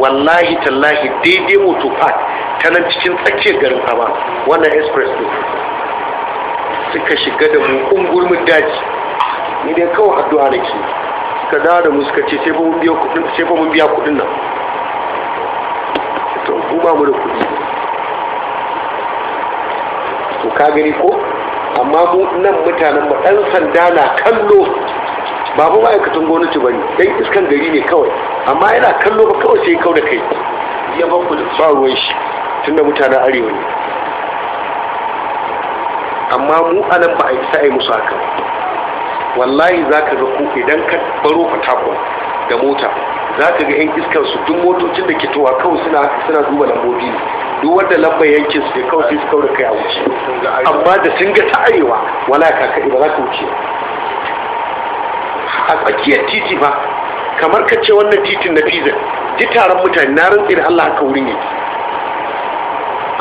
wallahi tallahi daidai moto park ta nan cikin tsakiyar garin kama wannan express ne suka shiga da mu mu daji ni dai kawai addu'a nake suka dawo da mu suka ce sai ba mun biya kuɗin nan to mu ba mu da kuɗi to ka gani ko amma mu nan mutanen mu dan sanda na kallo ba mu ma'aikatan gwamnati bane dan iskan gari ne kawai amma yana kallo ba kawai sai kau da kai ya ban ku da ruwan shi tunda mutanen arewa ne amma mu anan ba a isa a musu haka wallahi za ka ga ku idan ka baro ka da mota za ka ga 'yan iskar su duk motocin da ke towa kawai suna duba lambobi ne duk wanda lambar yankin su ne kawai sai su kawai da kai a wuce amma da sun ga ta arewa wala ka kaɗi ba za ka wuce a tsakiyar titi ba kamar ka ce wannan titin na fizan ji taron mutane na rantsi da allah haka wurin ne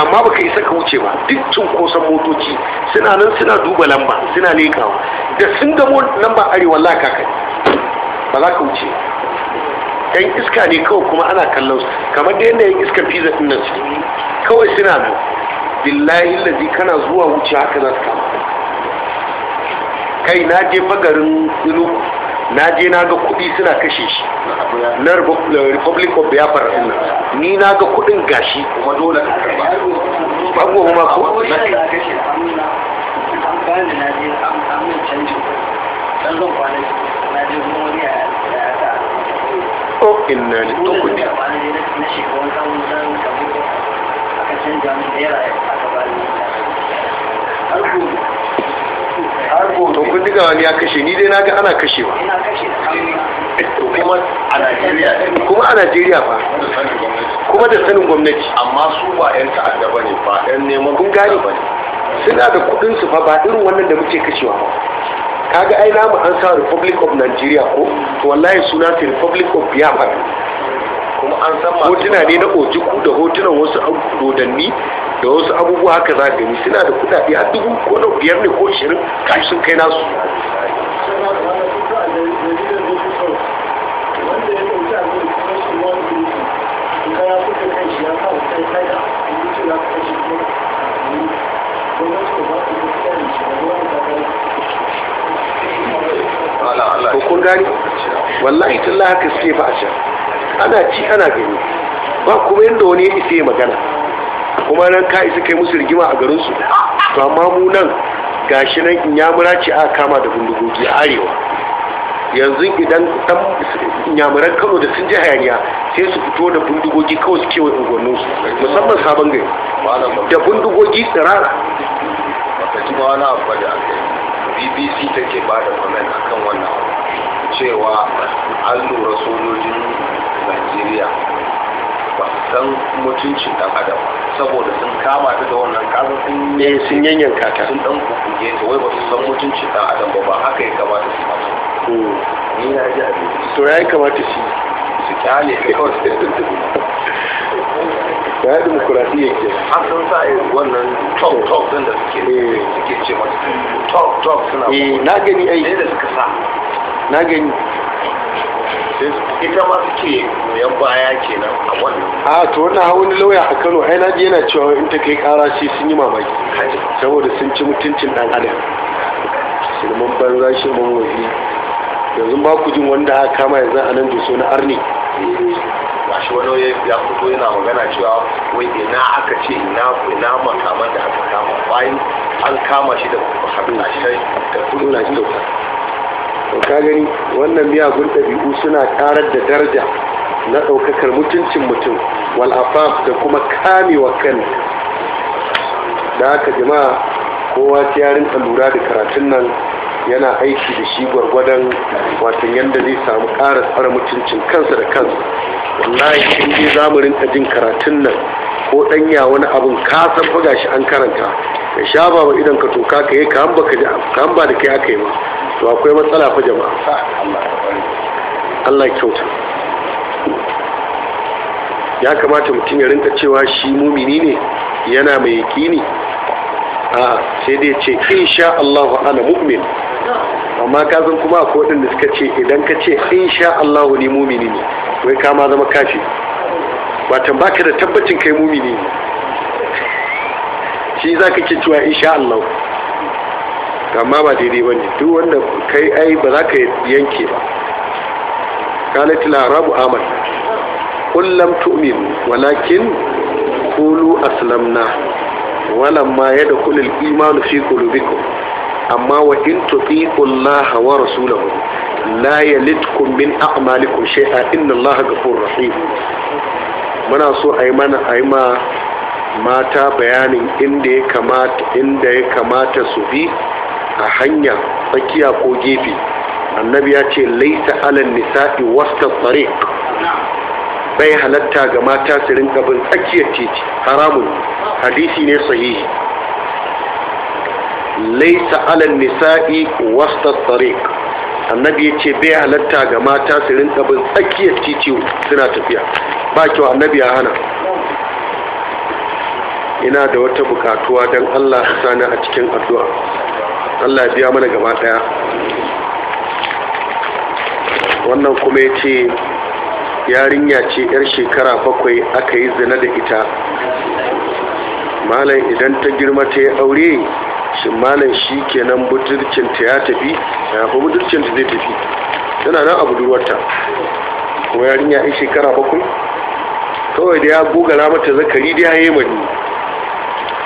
amma ba ka isa ka wuce ba duk cunkoson motoci suna nan suna duba lamba suna lekawa da sun gamo lamba arewa la ka ba za ka wuce yan iska ne kawai kuma ana kallon su kamar da yadda yan iskar pizza din nan suke kawai suna nan billahi lazi kana zuwa wuce haka za su kama kai na je bagarin ilu na je na ga kuɗi suna kashe shi na republic of biafra din nan ni na ga kuɗin gashi kuma dole ka karba ba goma ma ko na je an canji ɗan zan kwanaki na je kuma wani o inna li tukuni to kun diga wani ya kashe ni dai na ga ana kashewa kuma a najeriya ba kuma da sanin gwamnati amma su ba 'yan ta'adda ba ne ba 'yan neman kun gani suna da kudin su fa ba irin wannan da muke kashewa kaga ai namu an sa republic of nigeria ko to wallahi suna ta republic of biafra kuma an san ma hotuna ne na ojiku da hotunan wasu dodanni da wasu abubuwa haka za gani suna da kudade a dubu ko na biyar ne ko ishirin kai sun kai nasu Thank you. to kun gani wallahi tun haka suke ba a can ana ci ana gani ba kuma yadda wani ya isa magana kuma nan ka isa kai musu rigima a garinsu to amma mu nan gashi nan in yamura ce a kama da bindigogi a arewa yanzu idan dan yamuran kano da sun ji hayaniya sai su fito da bindigogi kawai su kewaye unguwanninsu musamman sabon gari da bindigogi tsirara ba wani abu da aka bbc take ba da comment kan wannan cewa an lura sojojin najeriya ba san mutuncin dan adam saboda sun kama ta da wannan kasan sun yi eh, sun yanyan kata. sun dan kukuge ta wai ba su san mutuncin dan adam ba ba haka ya kamata su masu hmm. Ko ni na ji abin to ya kamata shi su kyale kawai ya demokuraɗiyya ke an sun sa wannan talk talk din da suke eh. suke ce mata talk talk suna eh, na gani ai da suka sa na gani ita ma suke yan baya kenan a wannan a to wannan ha wani lauya a Kano ai naji yana cewa in ta kai kara shi sun yi mamaki saboda sun ci mutuncin dan adam shirman banza shirman wazi yanzu ba ku jin wanda aka kama yanzu a nan da na arni ba eh, shi wani ya fito yana magana cewa wai ina aka ce ina ina makaman da aka kama bayan an kama shi da na shi da kudu na shi da ka gani wannan miyagun ɗabi'u suna ƙarar da daraja na ɗaukakar mutuncin mutum wal afaf da kuma kamewa kan da aka jama'a kowa ta yarin lura da karatun nan yana aiki da shi gwargwadon watan yadda zai samu ƙara tsara mutuncin kansa da kansa wallahi in dai za mu jin karatun nan ko ɗanya wani abin ka san buga shi an karanta ka sha ba idan ka toka ka yi ka hamba da kai aka yi ba to akwai matsala fa jama'a Allah kyauta ya kamata mutum ya rinka cewa shi mumini ne yana mai yaƙini Ah, sai dai ce insha Allahu ana mu'min amma ka zan kuma akwai da suka ce idan ka ce insha Allahu ni mumini ne wai ka ma zama kafi watan baka da tabbacin kai mumini ne shi za ka ke cewa insha Allahu? amma ba daidai ba ne duk wanda kai ai ba za ka yanke ba قالت larabu amal قل tu'min walakin kulu aslamna walamma ya da kulil imanu fi qulubikum amma wa in tuti'u Allah wa rasulahu la yalitkum min a'malikum shay'a inna Allah ghafurur rahim muna so a yi mana a ma mata bayanin inda ya kamata inda ya kamata su bi a hanya tsakiya ko gefe annabi ya ce laita alal nisa'i wasta tariq bai halatta ga mata su rinka bin tsakiyar titi haramun hadisi ne sahihi laisa alal nisa'i wasta tariq annabi ya ce bai halatta ga mata su rinka bin tsakiyar titi suna tafiya ba kyau annabi ya hana ina da wata bukatuwa don allah sani a cikin addu'a allah ya biya mana gaba daya wannan kuma ya ce yarinya ce 'yar shekara bakwai aka yi zina da ita malam idan ta girma ta yi aure shi malam shi kenan budurcinta ya tafi ya fi budurcinta zai tafi tana nan a budurwarta kuma yarinya 'yar shekara bakwai kawai da ya gogara mata zakari da ya yi mani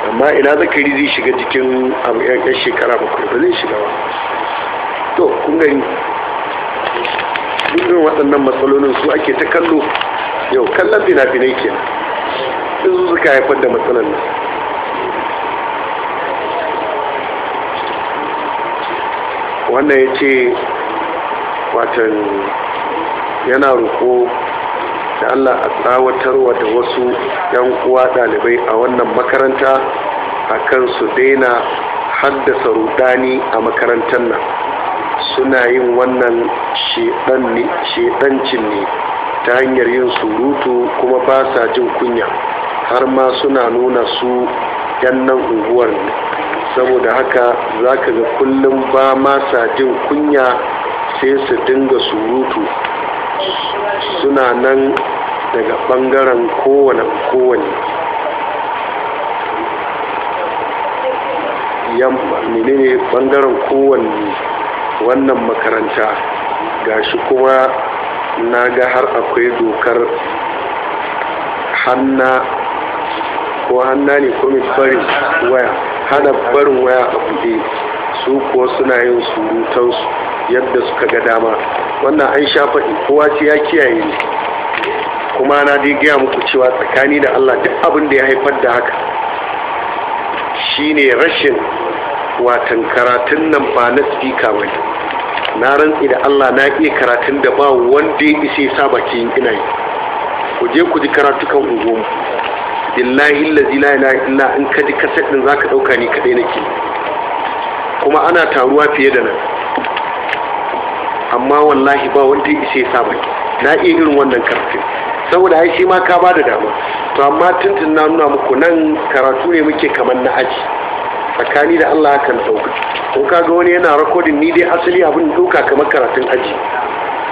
amma ina zakari zai shiga jikin abu 'yan shekara bakwai ba zai shiga ba to kun gani irin waɗannan matsalolin su ake ta kallo yau kallon fina-finai ke sun su suka haifar da matsalar nan wannan ya ce watan yana roƙo da allah a tsawatarwa da wasu yan uwa ɗalibai a wannan makaranta a kan su daina haddasa rudani a makarantar nan suna yin wannan shedancin ne ta hanyar yin surutu kuma ba sa jin kunya har ma suna nuna su yan nan unguwar ne saboda haka za ka ga kullum ba ma sa jin kunya sai su dinga surutu suna nan daga bangaren kowane kowane yamma ne bangaren kowanne wannan makaranta gashi kuma na ga har akwai dokar hanna ko hanna ne ko barin waya hana barin waya a buɗe su ko suna yin surutansu yadda suka ga dama wannan an sha faɗi kowa ce ya kiyaye ne kuma na dai gaya muku cewa tsakani da allah duk abin da ya haifar da haka shine rashin watan karatun nan ba na spika ba na rantsi da Allah na iya karatun da ba wanda ya isa sa baki yin ina yi ku je ku ji karatukan unguwanmu billahi lazi la na illa in ka ji kasar din zaka dauka ni kadai nake kuma ana taruwa fiye da nan amma wallahi ba wanda ya isa sa baki na iya irin wannan karatun. saboda ai shi ma ka ba da dama to amma tuntun na nuna muku nan karatu ne muke kamar na aji tsakani da Allah kan dauka kun kaga wani yana rakodin ni dai asali abin dauka kamar karatun aji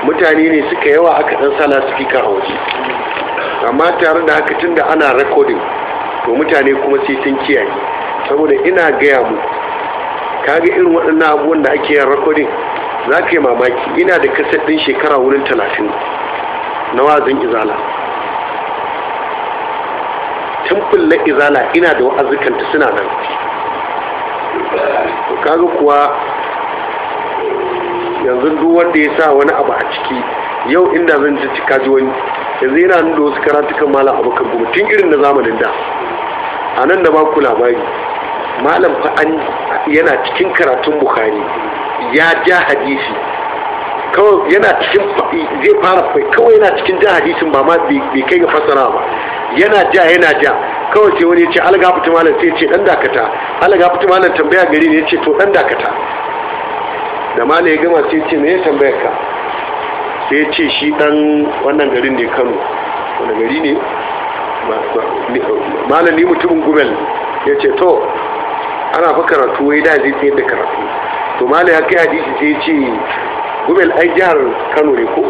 mutane ne suka yawa aka dan sala speaker a waje amma tare da haka tunda ana rakodin to mutane kuma sai sun kiyaye saboda ina gaya mu kaga irin waɗannan abubuwan da ake yin rakodin za ka yi mamaki ina da kasar ɗin shekara wurin talatin na wazin izala tun izala ina da wa'azukanta suna nan kaga kuwa yanzu duk wanda ya sa wani abu a ciki yau inda zan ji cika ji wani yanzu yana nan da wasu karatukan malam abokan kuma tun irin na zamanin da a nan da ba ku labari malam fa yana cikin karatun bukari ya ja hadisi kawai yana cikin zai fara kawai yana cikin jan hadisin ba ma bai kai ga fassara ba yana ja yana ja kawai sai wani ya ce alga fiti malam sai ya ce dan dakata alga fiti malam tambaya gari ne ya ce to dan dakata da malam ya gama sai ya ce me ya tambayar ka sai ya ce shi dan wannan garin ne Kano wani gari ne malam ni mutumin gumel ya ce to ana fa karatu wai da zai tsaye da karatu to malam ya kai hadisi sai ya ce gumel ai jihar kano ne ko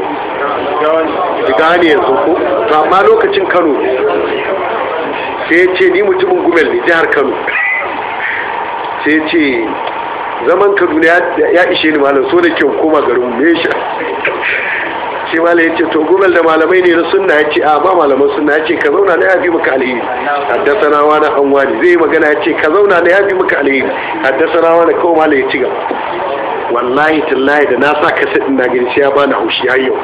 jiga ne yanzu ko ba amma lokacin kano ne sai ya ce ni mutumin gumel ne jihar kano sai ya ce zaman kaduna ya ishe ni malam so da kyau koma garin me shi ce malam ya ce to gumel da malamai ne na sunna ya ce a ba malaman sunna ya ce ka zauna na yafi maka alheri haddasa wani an wani zai magana ya ce ka zauna na yafi maka alheri haddasa wani kawo malam ya ci gaba wallahi tallahi da na sa kaset na gani sai ya bani haushi har yau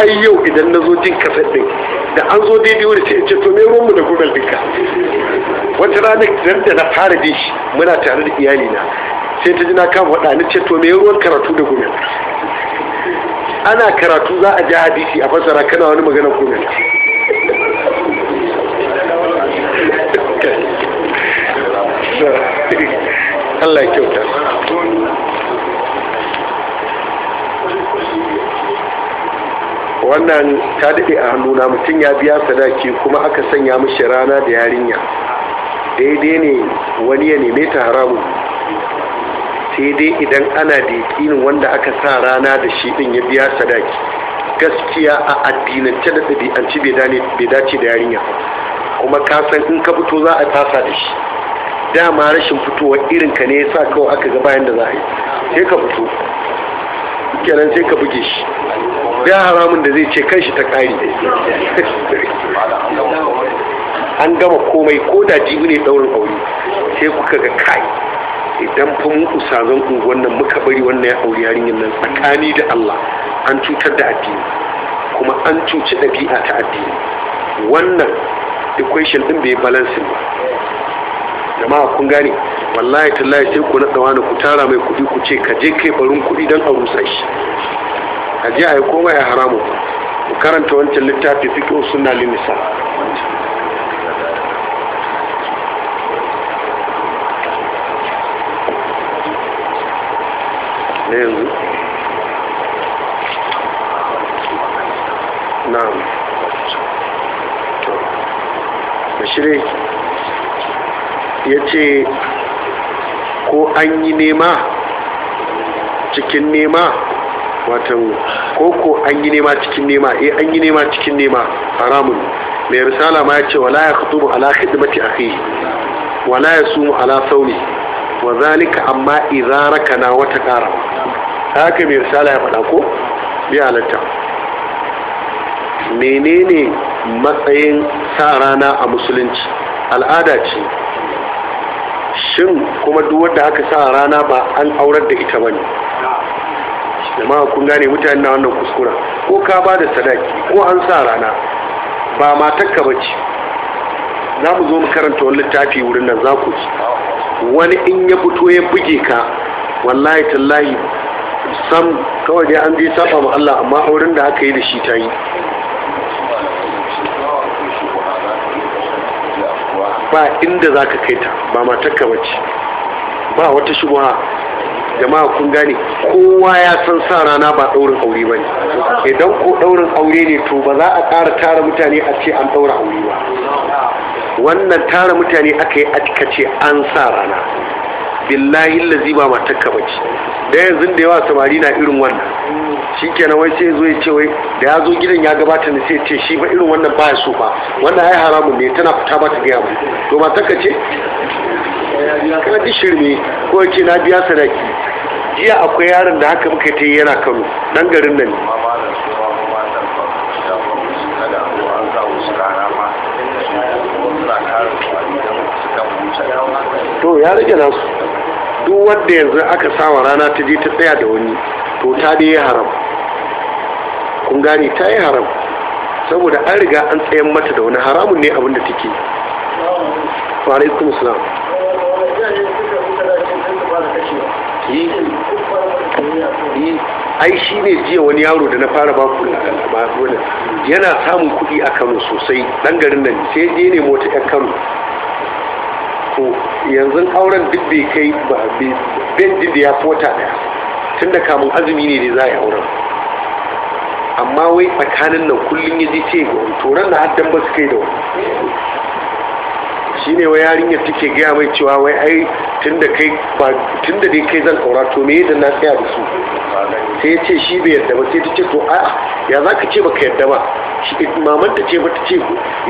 har yau idan na zo jin kaset din da an zo daidai wani sai ce to me ruwan mu da google dinka wata rana idan da na fara jin shi muna tare da iyali na sai ta ji na kama waɗa ni ce to me ruwan karatu da google ana karatu za a ji hadisi a fasara kana wani magana google Thank you. Allah kyauta wannan ta daɗe a hannuna mutum ya biya sadaki kuma aka sanya mishi rana da yarinya daidai ne wani ya neme ta haramu sai dai idan ana da yakinin wanda aka sa rana da shi ɗin ya biya sadaki gaskiya a addinance da ɗabi'anci bai dace da yarinya kuma kasan in ka fito za a tasa da shi dama rashin fitowa irin ka ne ya sa kawai aka ga bayan da za a yi sai ka fito kenan sai ka buge shi Ya haramun da zai ce kan shi ta kari an gama komai ko da jibi ne daurin aure sai kuka ga kai idan fa mu usazan nan muka bari wannan ya aure yarinyar nan tsakani da Allah an cutar da addini kuma an cuci ɗabi'a ta addini wannan equation ɗin bai balansin ba jama'a kun gane wallahi tallahi sai ku naɗa wani ku tara mai kuɗi ku ce ka je kai barin kuɗi don a rusa shi a je a yi komai a haramu ku karanta wancan littafi fito suna limisa na yanzu ya ce ko an yi nema cikin nema watan ko ko an yi nema cikin nema e an yi nema cikin nema haramun mai risala ma ya ce wala ya khutubu ala khidmati akhihi wala ya sumu ala sauni wa zalika amma ka na wata kara haka mai risala ya faɗa ko bi alatta menene matsayin sa rana a musulunci al'ada ce shin kuma duk wanda aka sa rana ba an aurar da ita bane jama'a kun gane mutane na wannan kuskura ko ka ba da sadaki ko an sa rana ba matakka bace za mu zo mu karanta wani littafi wurin nan za ku ci wani in ya fito ya buge ka wallahi tallahi sam kawai dai an je saba ma Allah amma auren da aka yi da shi ta yi ba inda za ka kai ta ba matakka bace ba wata shubuha jama'a kun gane kowa ya san sa rana ba ɗaurin aure ba ne idan ko ɗaurin aure ne to ba za a ƙara tara mutane a ce an ɗaura aure ba wannan tara mutane aka yi aka ce an sa rana billahi lazi ba matakka ce da yanzu da yawa samari na irin wannan na wai sai zo ya ce wai da ya zo gidan ya gabata ne sai ce shi ba irin wannan baya so ba wannan ai haramun ne tana fita ba ta gaya ba. to matakka ce kana ji shirme ko ce na biya sadaki jiya akwai yaron da haka muka ta yi yana Kano dan garin nan ne to ya rage nasu duk wanda yanzu aka sawa rana ta je ta tsaya da wani to ta da ya haram kun gane ta yi haram saboda an riga an tsayan mata da wani haramun ne abin da take alaikum salam ai shi ne jiya wani yaro da na fara ba ku yana samun kuɗi a kano sosai ɗan garin nan sai je ne mota 'yan kano ko yanzu auren duk bai kai ba bai da ya fota daya tun da kamun azumi ne da za a yi auren amma wai tsakanin nan kullum ya ji ce ga wani toron da haddan ba su kai da wani Shi ne wai yarinyar take gaya mai cewa wai ai tunda kai ba tunda dai kai zan aura to me yadda na tsaya da su sai ya ce shi bai yarda ba sai ta ce to a ya za ka ce baka yarda ba shi maman ta ce ba ta ce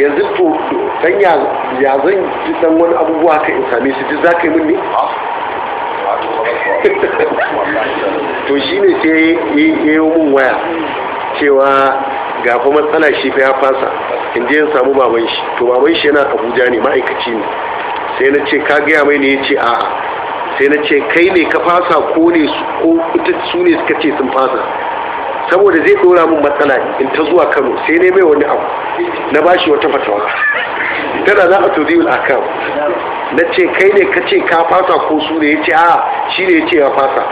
yanzu to dan ya ya zan ji dan wani abubuwa ka in same su duk za ka yi min ne to ne sai ya yi mun waya cewa ga kuma matsala shi fa ya fasa in je in samu baban shi to baban shi yana abuja ne ma'aikaci ne sai na ce ka gaya mai ne ya ce a'a sai na ce kai ne ka fasa ko ne ko ita su ne suka ce sun fasa saboda zai dora min matsala in ta zuwa kano sai ne mai wani abu na bashi wata fatawa tana za a tuziyul akan na ce kai ne ka ce ka fasa ko su ne ya ce a shi ne ya ce ya fasa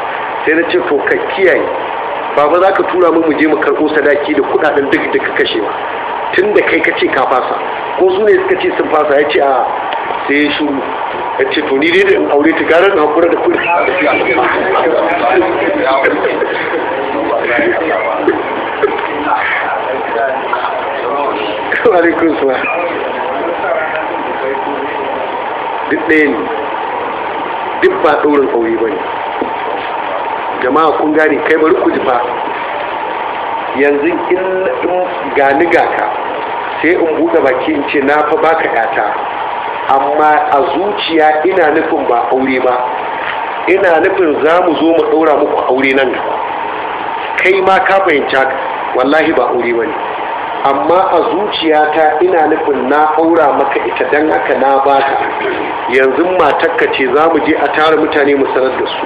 sai na ce to ka kiyaye baba za ka tura mu je mu karɓo sadaki da kuɗaɗen duk da ka kashe ba tun da kai ka ce ka fasa ko su ne suka ce sun fasa ya ce a sai ya shuru ya ce to ni dai da in aure ta gara na hakura da kuɗi alaikun suwa duk ɗaya ne duk ba ɗaurin aure ba ne jama'a kun gane kai bari ku jifa. yanzu in gani ga ka sai in buɗe baki in ce na fa baka yata amma a zuciya ina nufin ba aure ba ina nufin za mu zo mu ɗaura muku aure nan gaba kai ma ka fahimta wallahi ba aure ba ne amma a zuciyata ina nufin na aura maka ita don haka na baka yanzu matakka ce za mu je a tara mutane mu sanar da su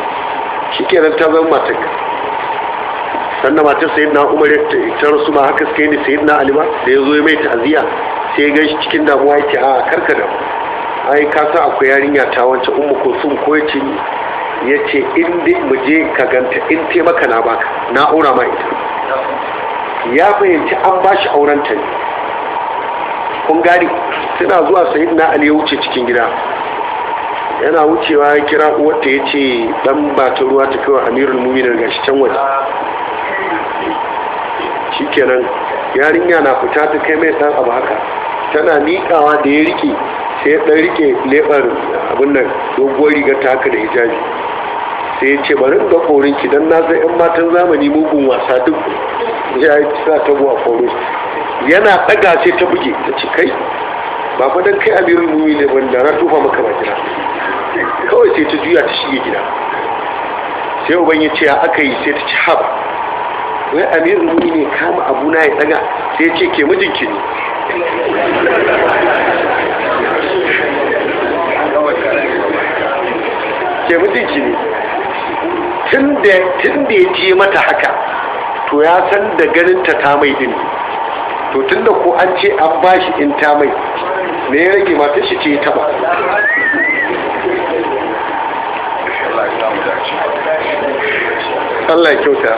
shi kenan ta zama matar sannan matar sayid na umar ta rasu ma haka suka yi ne sayid na alima da ya zo mai ta'aziyya sai ya gan shi cikin damuwa yake a karka da ai ka san akwai yarinya ta wancan umma ko sun ko yace yace in dai mu je ka ganta in taimaka na baka na aura ma ita ya fahimci an ba shi auren ta ne kun gani suna zuwa sayid na ali ya wuce cikin gida yana wucewa ya kira wata ya ce dan ba ta ruwa ta kawai amirul muminin gashi can waje shikenan yarinya na fita ta kai mai san abu haka tana miƙawa da ya rike sai ɗan rike leɓar abin nan doguwar rigar ta haka da hijabi sai ya ce barin ga korin ki dan na san yan matan zamani mugun wasa duk ya yi sa ta buwa koro yana ɗaga sai ta buge ta ci kai ba fa dan kai amirul muminin ban da na tufa maka ba jira kawai sai ta juya ta shige gida sai uban ya ce aka yi sai ta ci haba wai amirin muni ne kama na ya tsaga sai ya ce ke mijinki ne ke mijinki ne tun da ya je mata haka to ya san da ganin ta ta mai din to tun da ko an ce an bashi in ta mai ne ya rage shi ce ta ba Allah kyauta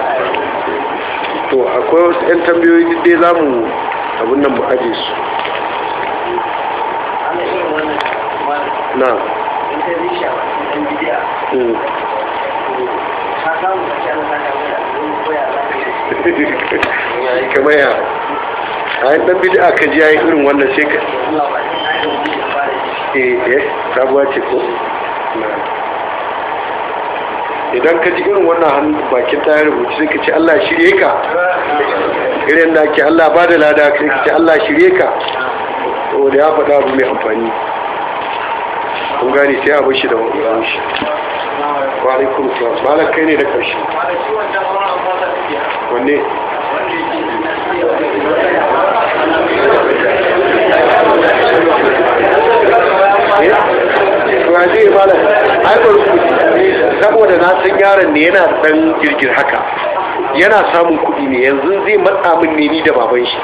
to akwai wasu 'yan tambayoyi da dai zamu abin nan mu aje su na hmm. kamar ya a yi ɗan bidi ka ji ya yi irin wannan sai ka eh eh sabuwa ce ko na idan ka ji irin wannan hannu bakin ta rubuci sai ka ce Allah shirye ka irin da ke Allah ba da lada sai ka ce Allah shirye ka da ya faɗa abu mai amfani kun gane sai abin shi da wani shi walaikum ba malar kai ne da ƙarshe wanne Yeah. Yeah. Yeah. I Yeah saboda na san yaron ne yana dan girgir haka yana samun kuɗi ne yanzu zai matsa min ne ni da baban shi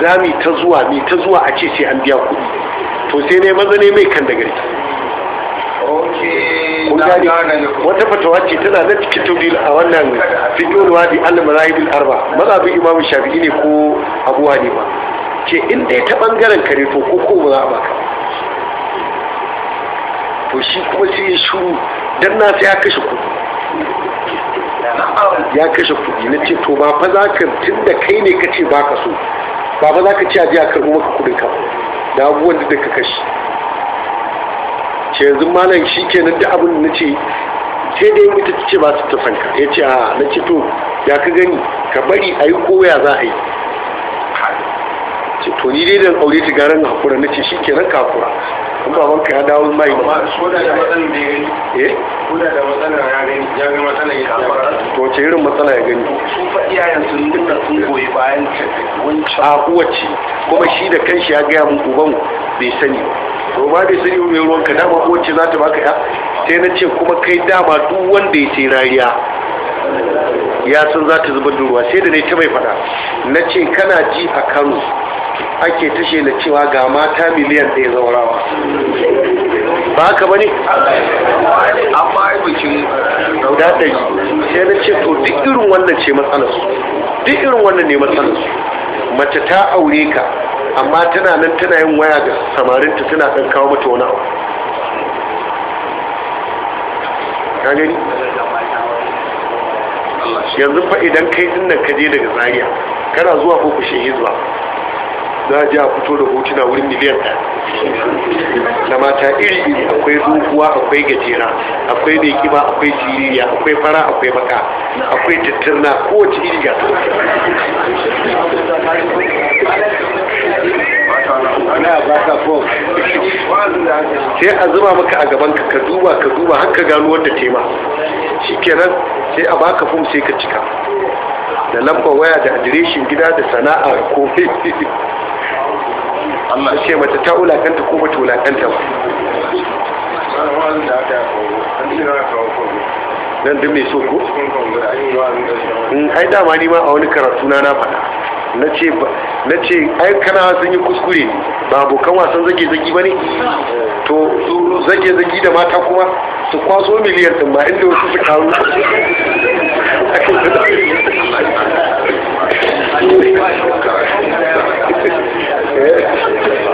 za mu ta zuwa mu ta zuwa a ce sai an biya kuɗi to sai ne maza ne mai kan da gari wata fatawa ce tana na cikin tawdil a wannan da wadi al-mazahib al-arba mazhabin imam shafi'i ne ko abu ba. ce in dai ta bangaren kare to ko ko ba za a baka to shi kuma sai ya shuru dan na sai ya kashe kuɗi ya kashe ku na ce to ba fa za ka tun da kai ne ka ce ba ka so ba fa za ka ce a je a karɓi maka kuɗin ka da abubuwan da ka kashe ce yanzu malam shi ke nan da abin na ce sai dai mutu ce ba su ta ka ya ce a na ce to ya ka gani ka bari a yi koya za a yi ce to ni dai da aure ta garin hakura na ce shi ke ka hakura ba baban ka ya dawo mai eh to ce irin matsala ya gani iyayen sun duka sun goyi bayan a kowace kuma shi da kanshi ya gaya mu uban bai sani to ba bai sani mai ruwan ka dama kowace za ta baka ya sai na ce kuma kai dama duk wanda ya ce rariya ya san za ta zubar da ruwa sai da ne ta mai fada na ce kana ji a kano ake tashe da cewa ga mata miliyan ɗaya zaurawa ba haka ba ne? an ba yi bikin rauda ɗari sai na ce to duk irin wannan ce matsalarsu duk irin wannan ne matsalarsu mace ta aure ka amma tana nan tana yin waya ga samarinta tana ɗan kawo mata wani abu yanzu fa idan kai din nan ka je daga zaria kana zuwa ko ofishin zuwa. za a ji a fito da hotuna wurin miliyan da mata iri iri akwai zuwa akwai gajera akwai mai kima akwai siriya akwai fara akwai maka akwai tattarna kowace iri ga sai a zuba maka a gaban ka duba ka duba har ka gano wanda tema shikenan sai a baka fom sai ka cika da lambar waya da adireshin gida da sana'a ko Allah ce mata ta wulakanta ko bata wulakanta ba nan da mai so ko? Mm, ai dama ni ma a wani karatu na na faɗa na ce na ce ai kana sun yi kuskure ba abokan wasan zage zagi ba ne to zage zagi da mata kuma su kwaso miliyan din ba inda wasu su karu Yeah.